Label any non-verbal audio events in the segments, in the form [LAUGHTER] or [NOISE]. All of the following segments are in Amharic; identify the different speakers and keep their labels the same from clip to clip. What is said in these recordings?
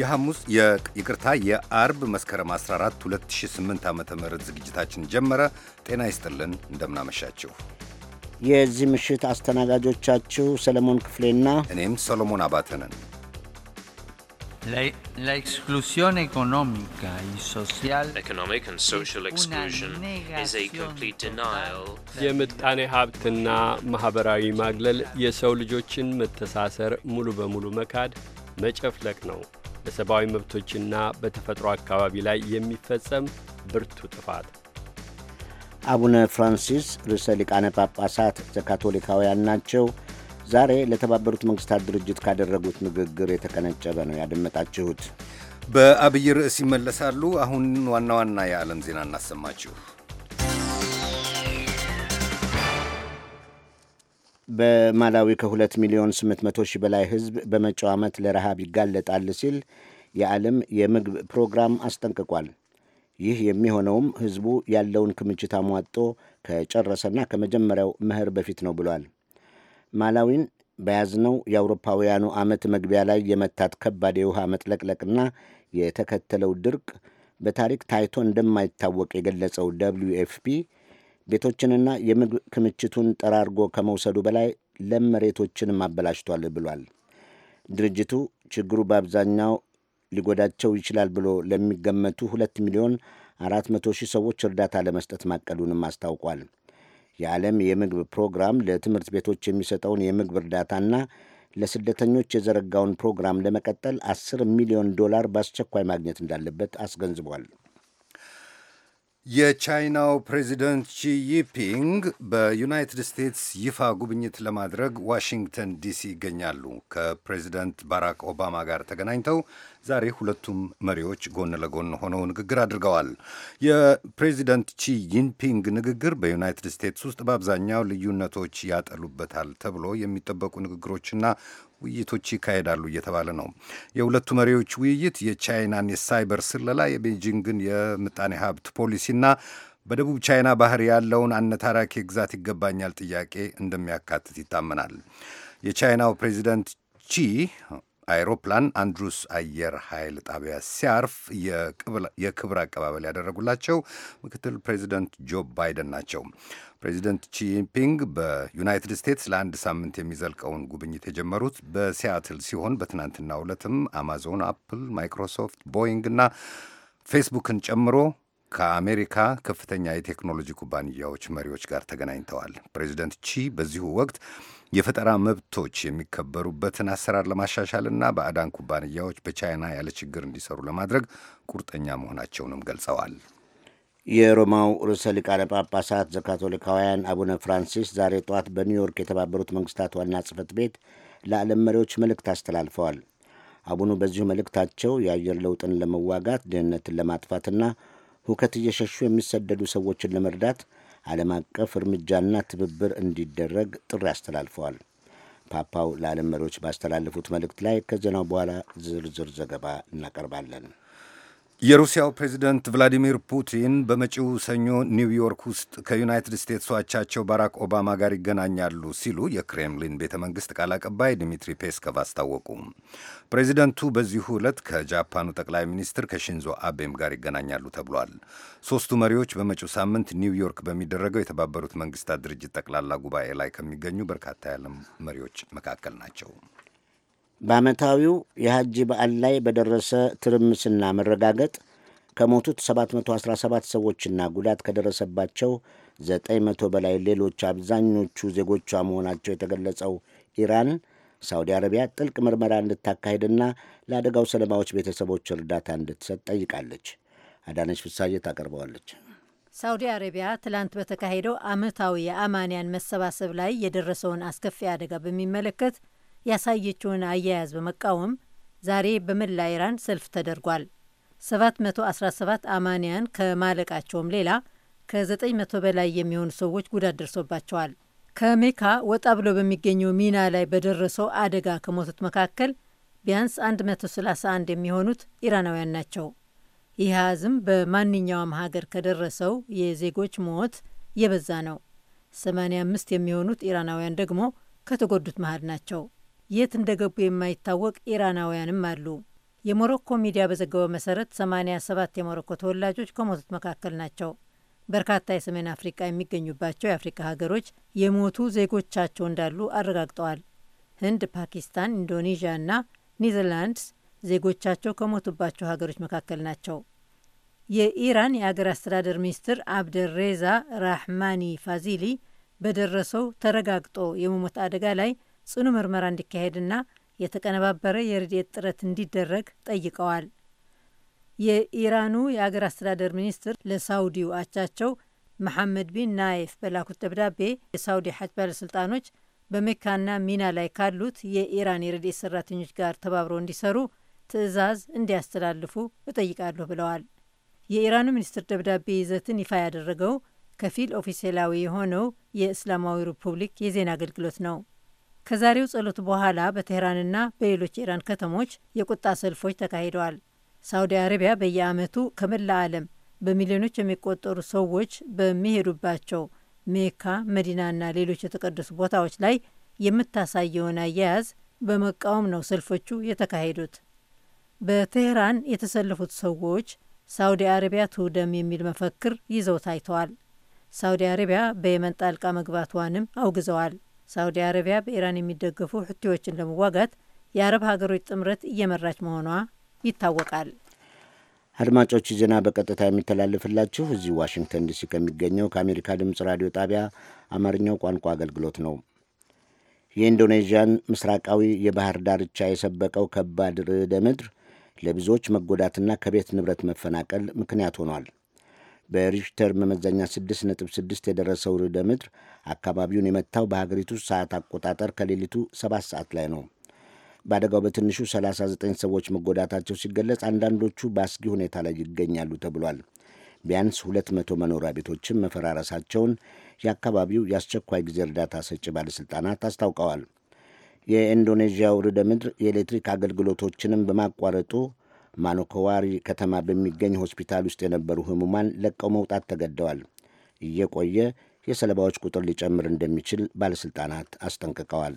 Speaker 1: የሐሙስ ይቅርታ የአርብ መስከረም 14 2008 ዓ ም ዝግጅታችን ጀመረ። ጤና ይስጥልን፣ እንደምናመሻችሁ። የዚህ ምሽት አስተናጋጆቻችሁ ሰለሞን ክፍሌና እኔም ሰሎሞን አባተ ነን።
Speaker 2: La exclusione economica e social
Speaker 3: economic and social exclusion is a complete denial የምጣኔ ሀብትና ማኅበራዊ ማግለል የሰው ልጆችን መተሳሰር ሙሉ በሙሉ መካድ መጨፍለቅ ነው። በሰብአዊ መብቶችና በተፈጥሮ አካባቢ ላይ የሚፈጸም ብርቱ ጥፋት።
Speaker 4: አቡነ ፍራንሲስ ርዕሰ ሊቃነ ጳጳሳት ዘካቶሊካውያን ናቸው። ዛሬ ለተባበሩት መንግስታት ድርጅት ካደረጉት ንግግር የተቀነጨበ ነው
Speaker 1: ያደመጣችሁት። በአብይ ርዕስ ይመለሳሉ። አሁን ዋና ዋና የዓለም ዜና እናሰማችሁ።
Speaker 4: በማላዊ ከሁለት ሚሊዮን 800 ሺህ በላይ ህዝብ በመጪው ዓመት ለረሃብ ይጋለጣል ሲል የዓለም የምግብ ፕሮግራም አስጠንቅቋል። ይህ የሚሆነውም ህዝቡ ያለውን ክምችት አሟጦ ከጨረሰና ከመጀመሪያው መኸር በፊት ነው ብሏል። ማላዊን በያዝነው የአውሮፓውያኑ ዓመት መግቢያ ላይ የመታት ከባድ የውሃ መጥለቅለቅና የተከተለው ድርቅ በታሪክ ታይቶ እንደማይታወቅ የገለጸው ደብሊዩ ኤፍፒ ቤቶችንና የምግብ ክምችቱን ጠራርጎ ከመውሰዱ በላይ ለም መሬቶችንም አበላሽቷል ብሏል። ድርጅቱ ችግሩ በአብዛኛው ሊጎዳቸው ይችላል ብሎ ለሚገመቱ ሁለት ሚሊዮን አራት መቶ ሺህ ሰዎች እርዳታ ለመስጠት ማቀዱንም አስታውቋል። የዓለም የምግብ ፕሮግራም ለትምህርት ቤቶች የሚሰጠውን የምግብ እርዳታና ለስደተኞች የዘረጋውን ፕሮግራም ለመቀጠል አስር ሚሊዮን ዶላር በአስቸኳይ ማግኘት እንዳለበት አስገንዝቧል።
Speaker 1: የቻይናው ፕሬዚደንት ሺ ጂንፒንግ በዩናይትድ ስቴትስ ይፋ ጉብኝት ለማድረግ ዋሽንግተን ዲሲ ይገኛሉ። ከፕሬዚደንት ባራክ ኦባማ ጋር ተገናኝተው ዛሬ ሁለቱም መሪዎች ጎን ለጎን ሆነው ንግግር አድርገዋል። የፕሬዚደንት ቺ ጂንፒንግ ንግግር በዩናይትድ ስቴትስ ውስጥ በአብዛኛው ልዩነቶች ያጠሉበታል ተብሎ የሚጠበቁ ንግግሮችና ውይይቶች ይካሄዳሉ እየተባለ ነው። የሁለቱ መሪዎች ውይይት የቻይናን የሳይበር ስለላ፣ የቤጂንግን የምጣኔ ሀብት ፖሊሲና በደቡብ ቻይና ባህር ያለውን አነታራኪ ግዛት ይገባኛል ጥያቄ እንደሚያካትት ይታመናል። የቻይናው ፕሬዚደንት ቺ አይሮፕላን አንድሩስ አየር ኃይል ጣቢያ ሲያርፍ የክብር አቀባበል ያደረጉላቸው ምክትል ፕሬዚደንት ጆ ባይደን ናቸው። ፕሬዚደንት ቺጂንፒንግ በዩናይትድ ስቴትስ ለአንድ ሳምንት የሚዘልቀውን ጉብኝት የጀመሩት በሲያትል ሲሆን በትናንትናው ዕለትም አማዞን፣ አፕል፣ ማይክሮሶፍት፣ ቦይንግ እና ፌስቡክን ጨምሮ ከአሜሪካ ከፍተኛ የቴክኖሎጂ ኩባንያዎች መሪዎች ጋር ተገናኝተዋል። ፕሬዚደንት ቺ በዚሁ ወቅት የፈጠራ መብቶች የሚከበሩበትን አሰራር ለማሻሻልና ባዕዳን ኩባንያዎች በቻይና ያለ ችግር እንዲሰሩ ለማድረግ ቁርጠኛ መሆናቸውንም ገልጸዋል።
Speaker 4: የሮማው ርዕሰ ሊቃነ ጳጳሳት ዘካቶሊካውያን አቡነ ፍራንሲስ ዛሬ ጠዋት በኒውዮርክ የተባበሩት መንግስታት ዋና ጽህፈት ቤት ለዓለም መሪዎች መልእክት አስተላልፈዋል። አቡኑ በዚሁ መልእክታቸው የአየር ለውጥን ለመዋጋት ድህነትን ለማጥፋትና ሁከት እየሸሹ የሚሰደዱ ሰዎችን ለመርዳት ዓለም አቀፍ እርምጃና ትብብር እንዲደረግ ጥሪ አስተላልፈዋል። ፓፓው ለዓለም መሪዎች ባስተላለፉት መልእክት ላይ ከዜናው በኋላ ዝርዝር ዘገባ እናቀርባለን።
Speaker 1: የሩሲያው ፕሬዚደንት ቭላዲሚር ፑቲን በመጪው ሰኞ ኒውዮርክ ውስጥ ከዩናይትድ ስቴትስ አቻቸው ባራክ ኦባማ ጋር ይገናኛሉ ሲሉ የክሬምሊን ቤተ መንግሥት ቃል አቀባይ ዲሚትሪ ፔስኮቭ አስታወቁ። ፕሬዚደንቱ በዚሁ ዕለት ከጃፓኑ ጠቅላይ ሚኒስትር ከሺንዞ አቤም ጋር ይገናኛሉ ተብሏል። ሦስቱ መሪዎች በመጪው ሳምንት ኒውዮርክ በሚደረገው የተባበሩት መንግሥታት ድርጅት ጠቅላላ ጉባኤ ላይ ከሚገኙ በርካታ የዓለም መሪዎች መካከል ናቸው። በዓመታዊው የሐጂ በዓል
Speaker 4: ላይ በደረሰ ትርምስና መረጋገጥ ከሞቱት 717 ሰዎችና ጉዳት ከደረሰባቸው 900 በላይ ሌሎች አብዛኞቹ ዜጎቿ መሆናቸው የተገለጸው ኢራን ሳውዲ አረቢያ ጥልቅ ምርመራ እንድታካሄድና ለአደጋው ሰለባዎች ቤተሰቦች እርዳታ እንድትሰጥ ጠይቃለች። አዳነች ፍሳዬ ታቀርበዋለች።
Speaker 5: ሳውዲ አረቢያ ትላንት በተካሄደው ዓመታዊ የአማንያን መሰባሰብ ላይ የደረሰውን አስከፊ አደጋ በሚመለከት ያሳየችውን አያያዝ በመቃወም ዛሬ በመላ ኢራን ሰልፍ ተደርጓል። 717 አማንያን ከማለቃቸውም ሌላ ከ900 በላይ የሚሆኑ ሰዎች ጉዳት ደርሶባቸዋል። ከሜካ ወጣ ብሎ በሚገኘው ሚና ላይ በደረሰው አደጋ ከሞቱት መካከል ቢያንስ 131 የሚሆኑት ኢራናውያን ናቸው። ይህ አሃዝም በማንኛውም ሀገር ከደረሰው የዜጎች ሞት የበዛ ነው። 85 የሚሆኑት ኢራናውያን ደግሞ ከተጎዱት መሀል ናቸው። የት እንደገቡ የማይታወቅ ኢራናውያንም አሉ። የሞሮኮ ሚዲያ በዘገበው መሰረት 87 የሞሮኮ ተወላጆች ከሞቱት መካከል ናቸው። በርካታ የሰሜን አፍሪቃ የሚገኙባቸው የአፍሪካ ሀገሮች የሞቱ ዜጎቻቸው እንዳሉ አረጋግጠዋል። ህንድ፣ ፓኪስታን፣ ኢንዶኔዥያ እና ኔዘርላንድስ ዜጎቻቸው ከሞቱባቸው ሀገሮች መካከል ናቸው። የኢራን የአገር አስተዳደር ሚኒስትር አብደሬዛ ራህማኒ ፋዚሊ በደረሰው ተረጋግጦ የመሞት አደጋ ላይ ጽኑ ምርመራ እንዲካሄድና የተቀነባበረ የረድኤት ጥረት እንዲደረግ ጠይቀዋል። የኢራኑ የአገር አስተዳደር ሚኒስትር ለሳውዲው አቻቸው መሐመድ ቢን ናይፍ በላኩት ደብዳቤ የሳውዲ ሐጅ ባለሥልጣኖች በሜካና ሚና ላይ ካሉት የኢራን የረድኤት ሰራተኞች ጋር ተባብረው እንዲሰሩ ትዕዛዝ እንዲያስተላልፉ እጠይቃለሁ ብለዋል። የኢራኑ ሚኒስትር ደብዳቤ ይዘትን ይፋ ያደረገው ከፊል ኦፊሴላዊ የሆነው የእስላማዊ ሪፑብሊክ የዜና አገልግሎት ነው። ከዛሬው ጸሎት በኋላ በቴህራንና በሌሎች የኢራን ከተሞች የቁጣ ሰልፎች ተካሂደዋል። ሳውዲ አረቢያ በየዓመቱ ከመላ ዓለም በሚሊዮኖች የሚቆጠሩ ሰዎች በሚሄዱባቸው ሜካ፣ መዲናና ሌሎች የተቀደሱ ቦታዎች ላይ የምታሳየውን አያያዝ በመቃወም ነው ሰልፎቹ የተካሄዱት። በቴህራን የተሰለፉት ሰዎች ሳውዲ አረቢያ ትውደም የሚል መፈክር ይዘው ታይተዋል። ሳውዲ አረቢያ በየመን ጣልቃ መግባቷንም አውግዘዋል። ሳውዲ አረቢያ በኢራን የሚደገፉ ሁቲዎችን ለመዋጋት የአረብ ሀገሮች ጥምረት እየመራች መሆኗ ይታወቃል።
Speaker 4: አድማጮች ዜና በቀጥታ የሚተላለፍላችሁ እዚህ ዋሽንግተን ዲሲ ከሚገኘው ከአሜሪካ ድምፅ ራዲዮ ጣቢያ አማርኛው ቋንቋ አገልግሎት ነው። የኢንዶኔዥያን ምስራቃዊ የባህር ዳርቻ የሰበቀው ከባድ ርዕደ ምድር ለብዙዎች መጎዳትና ከቤት ንብረት መፈናቀል ምክንያት ሆኗል። በሪሽተር መመዘኛ 6.6 የደረሰው ርዕደ ምድር አካባቢውን የመታው በሀገሪቱ ሰዓት አቆጣጠር ከሌሊቱ 7 ሰዓት ላይ ነው። በአደጋው በትንሹ 39 ሰዎች መጎዳታቸው ሲገለጽ፣ አንዳንዶቹ በአስጊ ሁኔታ ላይ ይገኛሉ ተብሏል። ቢያንስ 200 መኖሪያ ቤቶችም መፈራረሳቸውን የአካባቢው የአስቸኳይ ጊዜ እርዳታ ሰጪ ባለሥልጣናት አስታውቀዋል። የኢንዶኔዥያው ርዕደ ምድር የኤሌክትሪክ አገልግሎቶችንም በማቋረጡ ማኖኮዋሪ ከተማ በሚገኝ ሆስፒታል ውስጥ የነበሩ ህሙማን ለቀው መውጣት ተገደዋል። እየቆየ የሰለባዎች ቁጥር ሊጨምር እንደሚችል ባለሥልጣናት
Speaker 1: አስጠንቅቀዋል።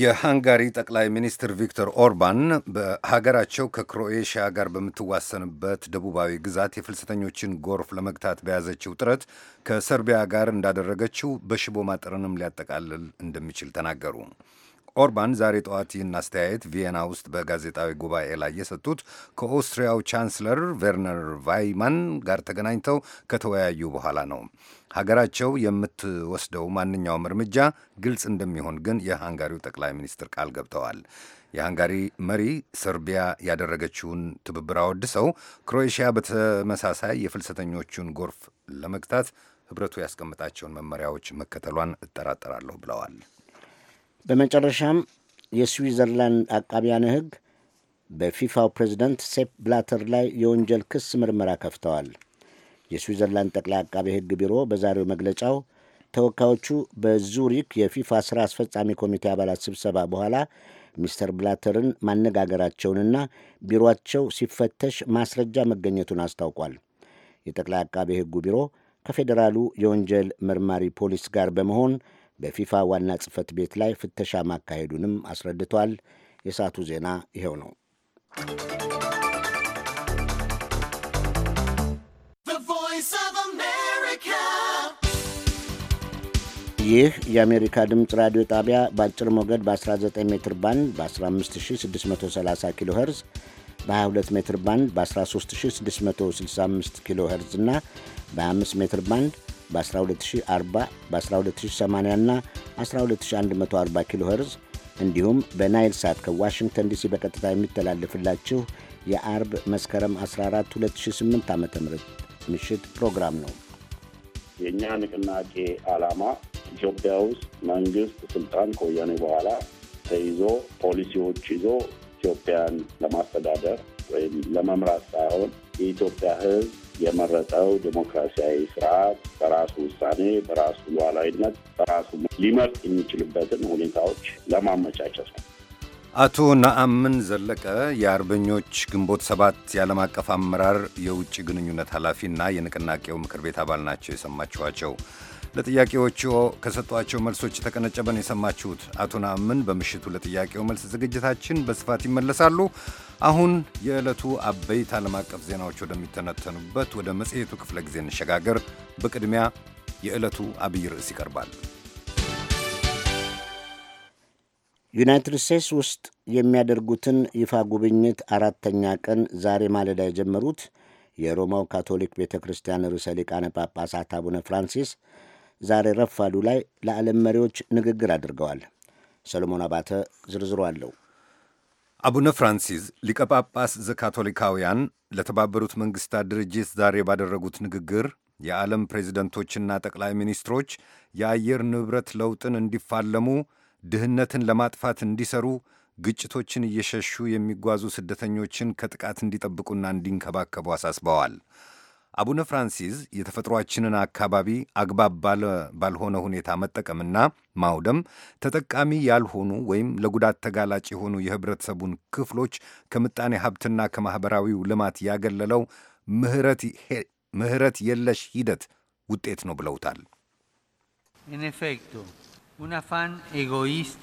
Speaker 1: የሃንጋሪ ጠቅላይ ሚኒስትር ቪክተር ኦርባን በሀገራቸው ከክሮኤሽያ ጋር በምትዋሰንበት ደቡባዊ ግዛት የፍልሰተኞችን ጎርፍ ለመግታት በያዘችው ጥረት ከሰርቢያ ጋር እንዳደረገችው በሽቦ ማጠርንም ሊያጠቃልል እንደሚችል ተናገሩ። ኦርባን ዛሬ ጠዋት ይህን አስተያየት ቪየና ውስጥ በጋዜጣዊ ጉባኤ ላይ የሰጡት ከኦስትሪያው ቻንስለር ቬርነር ቫይማን ጋር ተገናኝተው ከተወያዩ በኋላ ነው። ሀገራቸው የምትወስደው ማንኛውም እርምጃ ግልጽ እንደሚሆን ግን የሃንጋሪው ጠቅላይ ሚኒስትር ቃል ገብተዋል። የሃንጋሪ መሪ ሰርቢያ ያደረገችውን ትብብር አወድሰው ክሮኤሽያ በተመሳሳይ የፍልሰተኞቹን ጎርፍ ለመግታት ህብረቱ ያስቀምጣቸውን መመሪያዎች መከተሏን እጠራጠራለሁ ብለዋል።
Speaker 4: በመጨረሻም የስዊዘርላንድ አቃቢያነ ሕግ በፊፋው ፕሬዚደንት ሴፕ ብላተር ላይ የወንጀል ክስ ምርመራ ከፍተዋል። የስዊዘርላንድ ጠቅላይ አቃቤ ሕግ ቢሮ በዛሬው መግለጫው ተወካዮቹ በዙሪክ የፊፋ ሥራ አስፈጻሚ ኮሚቴ አባላት ስብሰባ በኋላ ሚስተር ብላተርን ማነጋገራቸውንና ቢሮአቸው ሲፈተሽ ማስረጃ መገኘቱን አስታውቋል። የጠቅላይ አቃቤ ሕጉ ቢሮ ከፌዴራሉ የወንጀል መርማሪ ፖሊስ ጋር በመሆን በፊፋ ዋና ጽህፈት ቤት ላይ ፍተሻ ማካሄዱንም አስረድቷል። የሰዓቱ ዜና ይኸው ነው። ይህ የአሜሪካ ድምፅ ራዲዮ ጣቢያ በአጭር ሞገድ በ19 ሜትር ባንድ በ15630 ኪሎ ኸርዝ በ22 ሜትር ባንድ በ13665 ኪሎ ኸርዝ እና በ 5 ሜትር ባንድ በ12040 በ12080 ና 12140 ኪሎ ኸርዝ እንዲሁም በናይል ሳት ከዋሽንግተን ዲሲ በቀጥታ የሚተላለፍላችሁ የአርብ መስከረም 14 2008 ዓ ም ምሽት ፕሮግራም ነው።
Speaker 6: የእኛ ንቅናቄ ዓላማ ኢትዮጵያ ውስጥ መንግስት ስልጣን ከወያኔ በኋላ ተይዞ ፖሊሲዎች ይዞ ኢትዮጵያን ለማስተዳደር ወይም ለመምራት ሳይሆን የኢትዮጵያ ሕዝብ የመረጠው ዴሞክራሲያዊ ስርዓት በራሱ ውሳኔ፣ በራሱ ሉዓላዊነት፣ በራሱ ሊመርጥ የሚችልበትን ሁኔታዎች ለማመቻቸት ነው።
Speaker 1: አቶ ነአምን ዘለቀ የአርበኞች ግንቦት ሰባት የዓለም አቀፍ አመራር የውጭ ግንኙነት ኃላፊና የንቅናቄው ምክር ቤት አባል ናቸው የሰማችኋቸው። ለጥያቄዎቹ ከሰጧቸው መልሶች የተቀነጨበን የሰማችሁት። አቶ ነአምን በምሽቱ ለጥያቄው መልስ ዝግጅታችን በስፋት ይመለሳሉ። አሁን የዕለቱ አበይት ዓለም አቀፍ ዜናዎች ወደሚተነተኑበት ወደ መጽሔቱ ክፍለ ጊዜ እንሸጋገር። በቅድሚያ የዕለቱ አብይ ርዕስ ይቀርባል። ዩናይትድ
Speaker 4: ስቴትስ ውስጥ የሚያደርጉትን ይፋ ጉብኝት አራተኛ ቀን ዛሬ ማለዳ የጀመሩት የሮማው ካቶሊክ ቤተ ክርስቲያን ርዕሰ ሊቃነ ጳጳሳት አቡነ ፍራንሲስ ዛሬ ረፋዱ ላይ ለዓለም መሪዎች ንግግር አድርገዋል። ሰሎሞን አባተ ዝርዝሩ አለው።
Speaker 1: አቡነ ፍራንሲስ ሊቀ ጳጳስ ዘካቶሊካውያን ለተባበሩት መንግሥታት ድርጅት ዛሬ ባደረጉት ንግግር የዓለም ፕሬዚደንቶችና ጠቅላይ ሚኒስትሮች የአየር ንብረት ለውጥን እንዲፋለሙ፣ ድህነትን ለማጥፋት እንዲሰሩ፣ ግጭቶችን እየሸሹ የሚጓዙ ስደተኞችን ከጥቃት እንዲጠብቁና እንዲንከባከቡ አሳስበዋል። አቡነ ፍራንሲስ የተፈጥሯችንን አካባቢ አግባብ ባልሆነ ሁኔታ መጠቀምና ማውደም ተጠቃሚ ያልሆኑ ወይም ለጉዳት ተጋላጭ የሆኑ የህብረተሰቡን ክፍሎች ከምጣኔ ሀብትና ከማኅበራዊው ልማት ያገለለው ምህረት የለሽ ሂደት ውጤት ነው ብለውታል።
Speaker 2: ኢን ኤፌክቶ E In effect,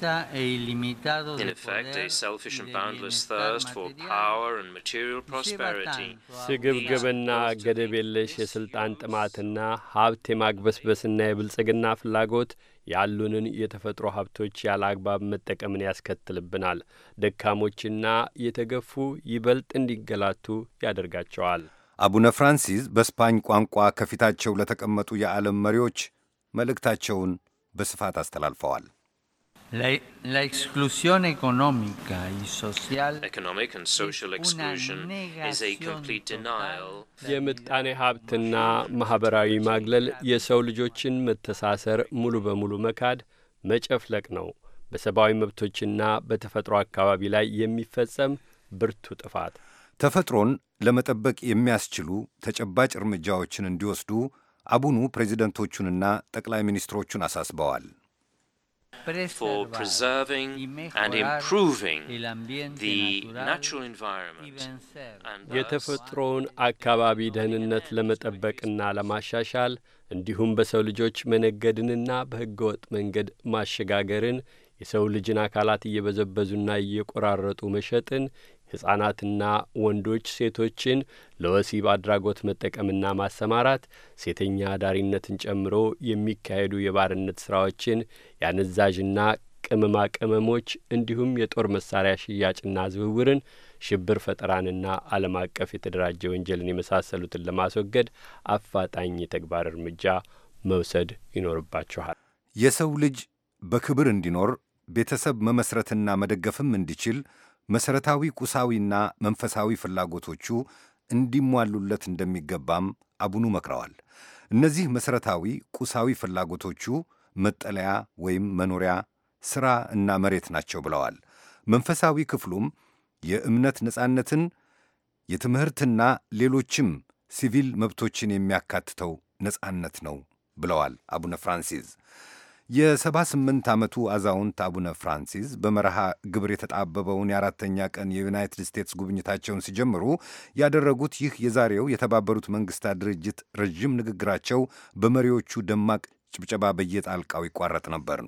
Speaker 3: a selfish and boundless thirst for power and material prosperity. ስግብግብና ገደብ የለሽ የስልጣን ጥማትና ሀብት የማግበስበስና የብልጽግና ፍላጎት ያሉንን የተፈጥሮ ሀብቶች ያለ አግባብ መጠቀምን ያስከትልብናል። ደካሞችና የተገፉ ይበልጥ እንዲገላቱ ያደርጋቸዋል።
Speaker 1: አቡነ ፍራንሲስ በስፓኝ ቋንቋ ከፊታቸው ለተቀመጡ የዓለም መሪዎች መልእክታቸውን በስፋት አስተላልፈዋል።
Speaker 3: የምጣኔ ሀብትና ማኅበራዊ ማግለል የሰው ልጆችን መተሳሰር ሙሉ በሙሉ መካድ፣ መጨፍለቅ ነው። በሰብአዊ መብቶችና በተፈጥሮ አካባቢ ላይ የሚፈጸም ብርቱ ጥፋት
Speaker 1: ተፈጥሮን ለመጠበቅ የሚያስችሉ ተጨባጭ እርምጃዎችን እንዲወስዱ አቡኑ ፕሬዚደንቶቹንና ጠቅላይ ሚኒስትሮቹን አሳስበዋል።
Speaker 7: የተፈጥሮውን
Speaker 3: አካባቢ ደህንነት ለመጠበቅና ለማሻሻል እንዲሁም በሰው ልጆች መነገድንና በህገወጥ መንገድ ማሸጋገርን የሰው ልጅን አካላት እየበዘበዙና እየቆራረጡ መሸጥን ሕፃናትና ወንዶች ሴቶችን ለወሲብ አድራጎት መጠቀምና ማሰማራት፣ ሴተኛ አዳሪነትን ጨምሮ የሚካሄዱ የባርነት ሥራዎችን፣ የአነዛዥና ቅመማ ቅመሞች እንዲሁም የጦር መሳሪያ ሽያጭና ዝውውርን፣ ሽብር ፈጠራንና ዓለም አቀፍ የተደራጀ ወንጀልን የመሳሰሉትን ለማስወገድ አፋጣኝ የተግባር እርምጃ መውሰድ ይኖርባችኋል።
Speaker 1: የሰው ልጅ በክብር እንዲኖር ቤተሰብ መመስረትና መደገፍም እንዲችል መሠረታዊ ቁሳዊና መንፈሳዊ ፍላጎቶቹ እንዲሟሉለት እንደሚገባም አቡኑ መክረዋል። እነዚህ መሠረታዊ ቁሳዊ ፍላጎቶቹ መጠለያ ወይም መኖሪያ፣ ሥራ እና መሬት ናቸው ብለዋል። መንፈሳዊ ክፍሉም የእምነት ነጻነትን፣ የትምህርትና ሌሎችም ሲቪል መብቶችን የሚያካትተው ነጻነት ነው ብለዋል አቡነ ፍራንሲስ። የ78 ዓመቱ አዛውንት አቡነ ፍራንሲስ በመርሃ ግብር የተጣበበውን የአራተኛ ቀን የዩናይትድ ስቴትስ ጉብኝታቸውን ሲጀምሩ ያደረጉት ይህ የዛሬው የተባበሩት መንግስታት ድርጅት ረዥም ንግግራቸው በመሪዎቹ ደማቅ ጭብጨባ በየጣልቃው ይቋረጥ ነበር።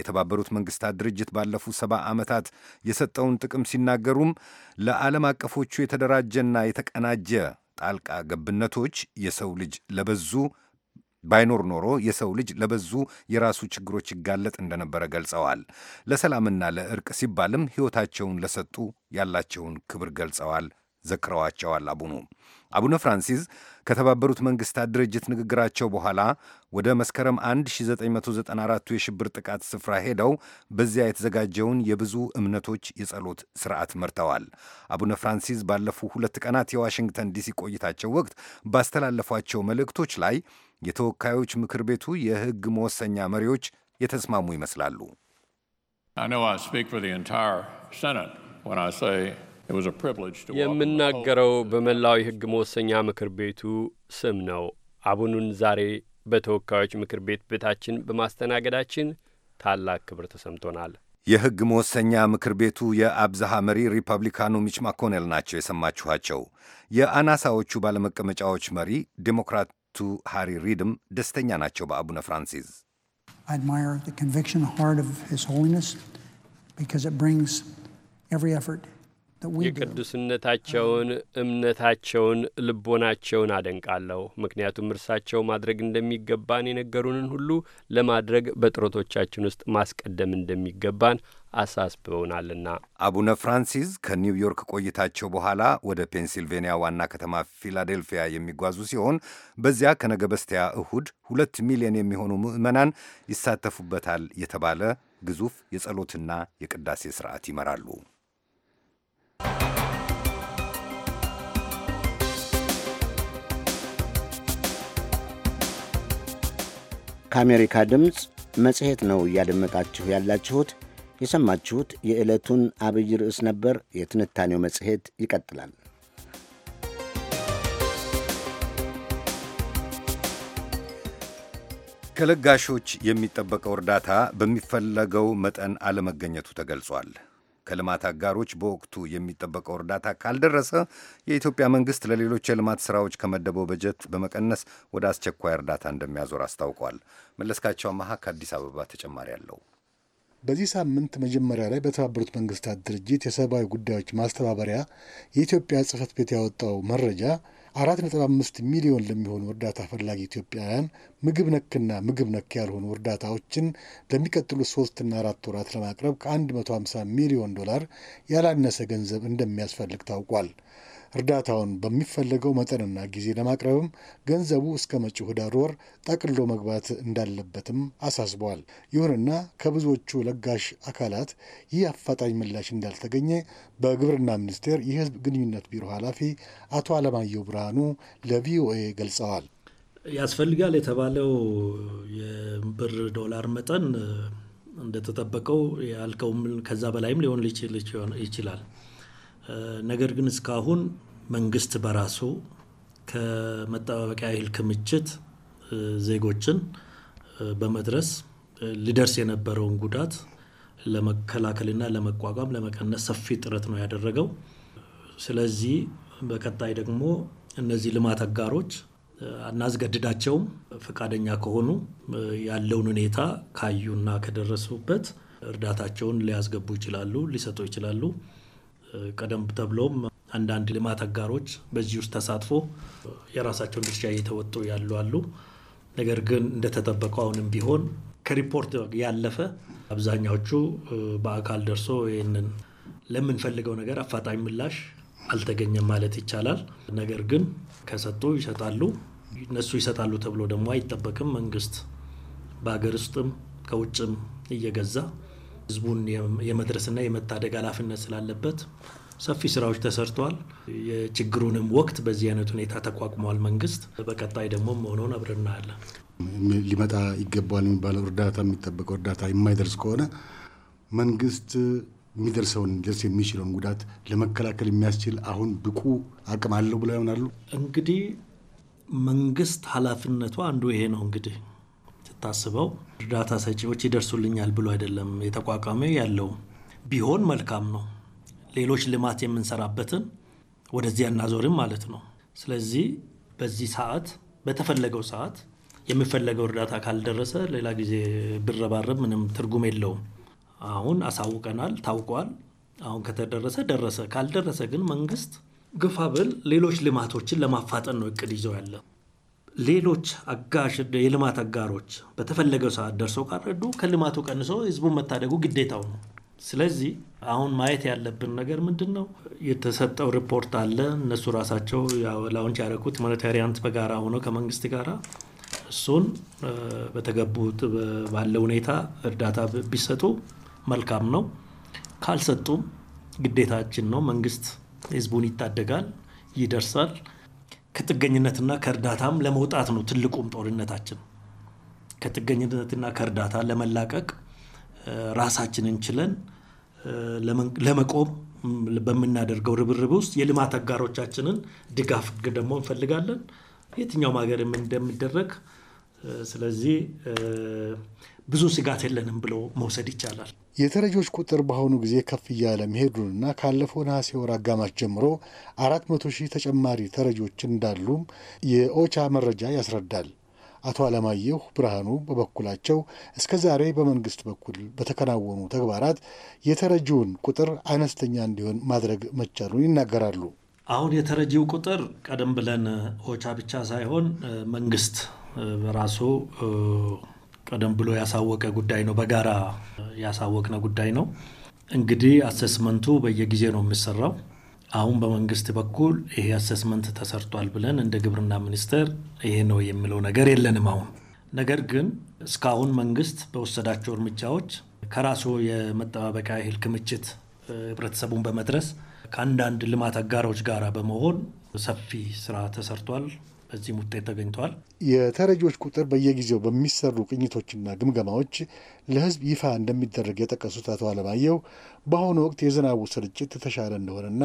Speaker 1: የተባበሩት መንግስታት ድርጅት ባለፉት ሰባ ዓመታት የሰጠውን ጥቅም ሲናገሩም ለዓለም አቀፎቹ የተደራጀና የተቀናጀ ጣልቃ ገብነቶች የሰው ልጅ ለበዙ ባይኖር ኖሮ የሰው ልጅ ለበዙ የራሱ ችግሮች ይጋለጥ እንደነበረ ገልጸዋል። ለሰላምና ለእርቅ ሲባልም ሕይወታቸውን ለሰጡ ያላቸውን ክብር ገልጸዋል፣ ዘክረዋቸዋል። አቡኑ አቡነ ፍራንሲስ ከተባበሩት መንግስታት ድርጅት ንግግራቸው በኋላ ወደ መስከረም 1994ቱ የሽብር ጥቃት ስፍራ ሄደው በዚያ የተዘጋጀውን የብዙ እምነቶች የጸሎት ስርዓት መርተዋል። አቡነ ፍራንሲስ ባለፉ ሁለት ቀናት የዋሽንግተን ዲሲ ቆይታቸው ወቅት ባስተላለፏቸው መልእክቶች ላይ የተወካዮች ምክር ቤቱ የሕግ መወሰኛ መሪዎች የተስማሙ ይመስላሉ።
Speaker 3: I know I speak for the entire Senate when I say የምናገረው በመላው የሕግ መወሰኛ ምክር ቤቱ ስም ነው። አቡኑን ዛሬ በተወካዮች ምክር ቤት ቤታችን በማስተናገዳችን ታላቅ ክብር ተሰምቶናል።
Speaker 1: የሕግ መወሰኛ ምክር ቤቱ የአብዛሃ መሪ ሪፐብሊካኑ ሚች ማኮኔል ናቸው የሰማችኋቸው። የአናሳዎቹ ባለመቀመጫዎች መሪ ዴሞክራቱ ሃሪ ሪድም ደስተኛ ናቸው በአቡነ ፍራንሲስ።
Speaker 5: I
Speaker 3: የቅዱስነታቸውን እምነታቸውን፣ ልቦናቸውን አደንቃለሁ። ምክንያቱም እርሳቸው ማድረግ እንደሚገባን የነገሩንን ሁሉ ለማድረግ በጥረቶቻችን
Speaker 1: ውስጥ ማስቀደም እንደሚገባን አሳስበውናልና። አቡነ ፍራንሲስ ከኒውዮርክ ቆይታቸው በኋላ ወደ ፔንሲልቬንያ ዋና ከተማ ፊላዴልፊያ የሚጓዙ ሲሆን በዚያ ከነገ በስቲያ እሁድ ሁለት ሚሊዮን የሚሆኑ ምዕመናን ይሳተፉበታል የተባለ ግዙፍ የጸሎትና የቅዳሴ ስርዓት ይመራሉ።
Speaker 4: ከአሜሪካ ድምፅ መጽሔት ነው እያደመጣችሁ ያላችሁት። የሰማችሁት የዕለቱን አብይ ርዕስ ነበር።
Speaker 1: የትንታኔው መጽሔት ይቀጥላል። ከለጋሾች የሚጠበቀው እርዳታ በሚፈለገው መጠን አለመገኘቱ ተገልጿል። ከልማት አጋሮች በወቅቱ የሚጠበቀው እርዳታ ካልደረሰ የኢትዮጵያ መንግስት ለሌሎች የልማት ስራዎች ከመደበው በጀት በመቀነስ ወደ አስቸኳይ እርዳታ እንደሚያዞር አስታውቋል። መለስካቸው አመሃ ከአዲስ አበባ ተጨማሪ
Speaker 8: አለው። በዚህ ሳምንት መጀመሪያ ላይ በተባበሩት መንግስታት ድርጅት የሰብአዊ ጉዳዮች ማስተባበሪያ የኢትዮጵያ ጽህፈት ቤት ያወጣው መረጃ አራት ነጥብ አምስት ሚሊዮን ለሚሆኑ እርዳታ ፈላጊ ኢትዮጵያውያን ምግብ ነክና ምግብ ነክ ያልሆኑ እርዳታዎችን ለሚቀጥሉት ሶስትና አራት ወራት ለማቅረብ ከ150 ሚሊዮን ዶላር ያላነሰ ገንዘብ እንደሚያስፈልግ ታውቋል። እርዳታውን በሚፈለገው መጠንና ጊዜ ለማቅረብም ገንዘቡ እስከ መጪው ህዳር ወር ጠቅሎ መግባት እንዳለበትም አሳስበዋል። ይሁንና ከብዙዎቹ ለጋሽ አካላት ይህ አፋጣኝ ምላሽ እንዳልተገኘ በግብርና ሚኒስቴር የህዝብ ግንኙነት ቢሮ ኃላፊ አቶ አለማየሁ ብርሃኑ ለቪኦኤ ገልጸዋል።
Speaker 7: ያስፈልጋል የተባለው የብር ዶላር መጠን እንደተጠበቀው ያልከውም ከዛ በላይም ሊሆን ይችላል። ነገር ግን እስካሁን መንግስት በራሱ ከመጠባበቂያ እህል ክምችት ዜጎችን በመድረስ ሊደርስ የነበረውን ጉዳት ለመከላከልና ለመቋቋም ለመቀነስ ሰፊ ጥረት ነው ያደረገው። ስለዚህ በቀጣይ ደግሞ እነዚህ ልማት አጋሮች አናስገድዳቸውም። ፈቃደኛ ከሆኑ ያለውን ሁኔታ ካዩና ከደረሱበት እርዳታቸውን ሊያስገቡ ይችላሉ፣ ሊሰጡ ይችላሉ። ቀደም ተብሎም አንዳንድ ልማት አጋሮች በዚህ ውስጥ ተሳትፎ የራሳቸውን ድርሻ እየተወጡ ያሉ አሉ። ነገር ግን እንደተጠበቀው አሁንም ቢሆን ከሪፖርት ያለፈ አብዛኛዎቹ በአካል ደርሶ ይህንን ለምንፈልገው ነገር አፋጣኝ ምላሽ አልተገኘም ማለት ይቻላል። ነገር ግን ከሰጡ ይሰጣሉ፣ እነሱ ይሰጣሉ ተብሎ ደግሞ አይጠበቅም። መንግስት በሀገር ውስጥም ከውጭም እየገዛ ህዝቡን የመድረስና የመታደግ ኃላፊነት ስላለበት ሰፊ ስራዎች ተሰርተዋል። የችግሩንም ወቅት በዚህ አይነት ሁኔታ ተቋቁሟል መንግስት። በቀጣይ ደግሞ መሆነውን አብረን እናያለን።
Speaker 8: ሊመጣ ይገባዋል የሚባለው እርዳታ የሚጠበቀው እርዳታ የማይደርስ ከሆነ መንግስት የሚደርሰውን ደርስ የሚችለውን ጉዳት ለመከላከል የሚያስችል አሁን ብቁ አቅም አለው ብለው ያምናሉ። እንግዲህ
Speaker 7: መንግስት ኃላፊነቱ አንዱ ይሄ ነው እንግዲህ ስታስበው እርዳታ ሰጪዎች ይደርሱልኛል ብሎ አይደለም የተቋቋመ ያለው ቢሆን መልካም ነው። ሌሎች ልማት የምንሰራበትን ወደዚያ እናዞርም ማለት ነው። ስለዚህ በዚህ ሰዓት በተፈለገው ሰዓት የሚፈለገው እርዳታ ካልደረሰ ሌላ ጊዜ ብረባረብ ምንም ትርጉም የለውም። አሁን አሳውቀናል፣ ታውቋል። አሁን ከተደረሰ ደረሰ፣ ካልደረሰ ግን መንግስት ግፋ ብል ሌሎች ልማቶችን ለማፋጠን ነው እቅድ ይዘው ያለ ሌሎች አጋሽ የልማት አጋሮች በተፈለገው ሰዓት ደርሰው ካልረዱ ከልማቱ ቀንሶ ህዝቡን መታደጉ ግዴታው ነው። ስለዚህ አሁን ማየት ያለብን ነገር ምንድን ነው? የተሰጠው ሪፖርት አለ። እነሱ ራሳቸው ላውንች ያደረኩት ሞኔታሪያንት በጋራ ሆነው ከመንግስት ጋራ እሱን በተገቡት ባለ ሁኔታ እርዳታ ቢሰጡ መልካም ነው። ካልሰጡም ግዴታችን ነው። መንግስት ህዝቡን ይታደጋል፣ ይደርሳል። ከጥገኝነትና ከእርዳታም ለመውጣት ነው ትልቁም ጦርነታችን። ከጥገኝነትና ከእርዳታ ለመላቀቅ ራሳችንን ችለን ለመቆም በምናደርገው ርብርብ ውስጥ የልማት አጋሮቻችንን ድጋፍ ደግሞ እንፈልጋለን። የትኛውም ሀገርም እንደሚደረግ ስለዚህ ብዙ ስጋት የለንም ብሎ መውሰድ ይቻላል።
Speaker 8: የተረጆች ቁጥር በአሁኑ ጊዜ ከፍ እያለ መሄዱንና ካለፈው ነሐሴ ወር አጋማሽ ጀምሮ አራት መቶ ሺህ ተጨማሪ ተረጆች እንዳሉም የኦቻ መረጃ ያስረዳል። አቶ አለማየሁ ብርሃኑ በበኩላቸው እስከ ዛሬ በመንግስት በኩል በተከናወኑ ተግባራት የተረጂውን ቁጥር አነስተኛ እንዲሆን ማድረግ መቻሉን ይናገራሉ።
Speaker 7: አሁን የተረጂው ቁጥር ቀደም ብለን ኦቻ ብቻ ሳይሆን መንግስት በራሱ ቀደም ብሎ ያሳወቀ ጉዳይ ነው። በጋራ ያሳወቅነ ጉዳይ ነው። እንግዲህ አሴስመንቱ በየጊዜ ነው የሚሰራው። አሁን በመንግስት በኩል ይሄ አሴስመንት ተሰርቷል ብለን እንደ ግብርና ሚኒስቴር ይሄ ነው የሚለው ነገር የለንም። አሁን ነገር ግን እስካሁን መንግስት በወሰዳቸው እርምጃዎች ከራሱ የመጠባበቂያ እህል ክምችት ህብረተሰቡን በመድረስ ከአንዳንድ ልማት አጋሮች ጋር በመሆን ሰፊ ስራ ተሰርቷል። በዚህም ውጤት ተገኝተዋል።
Speaker 8: የተረጂዎች ቁጥር በየጊዜው በሚሰሩ ቅኝቶችና ግምገማዎች ለሕዝብ ይፋ እንደሚደረግ የጠቀሱት አቶ አለማየሁ በአሁኑ ወቅት የዝናቡ ስርጭት የተሻለ እንደሆነና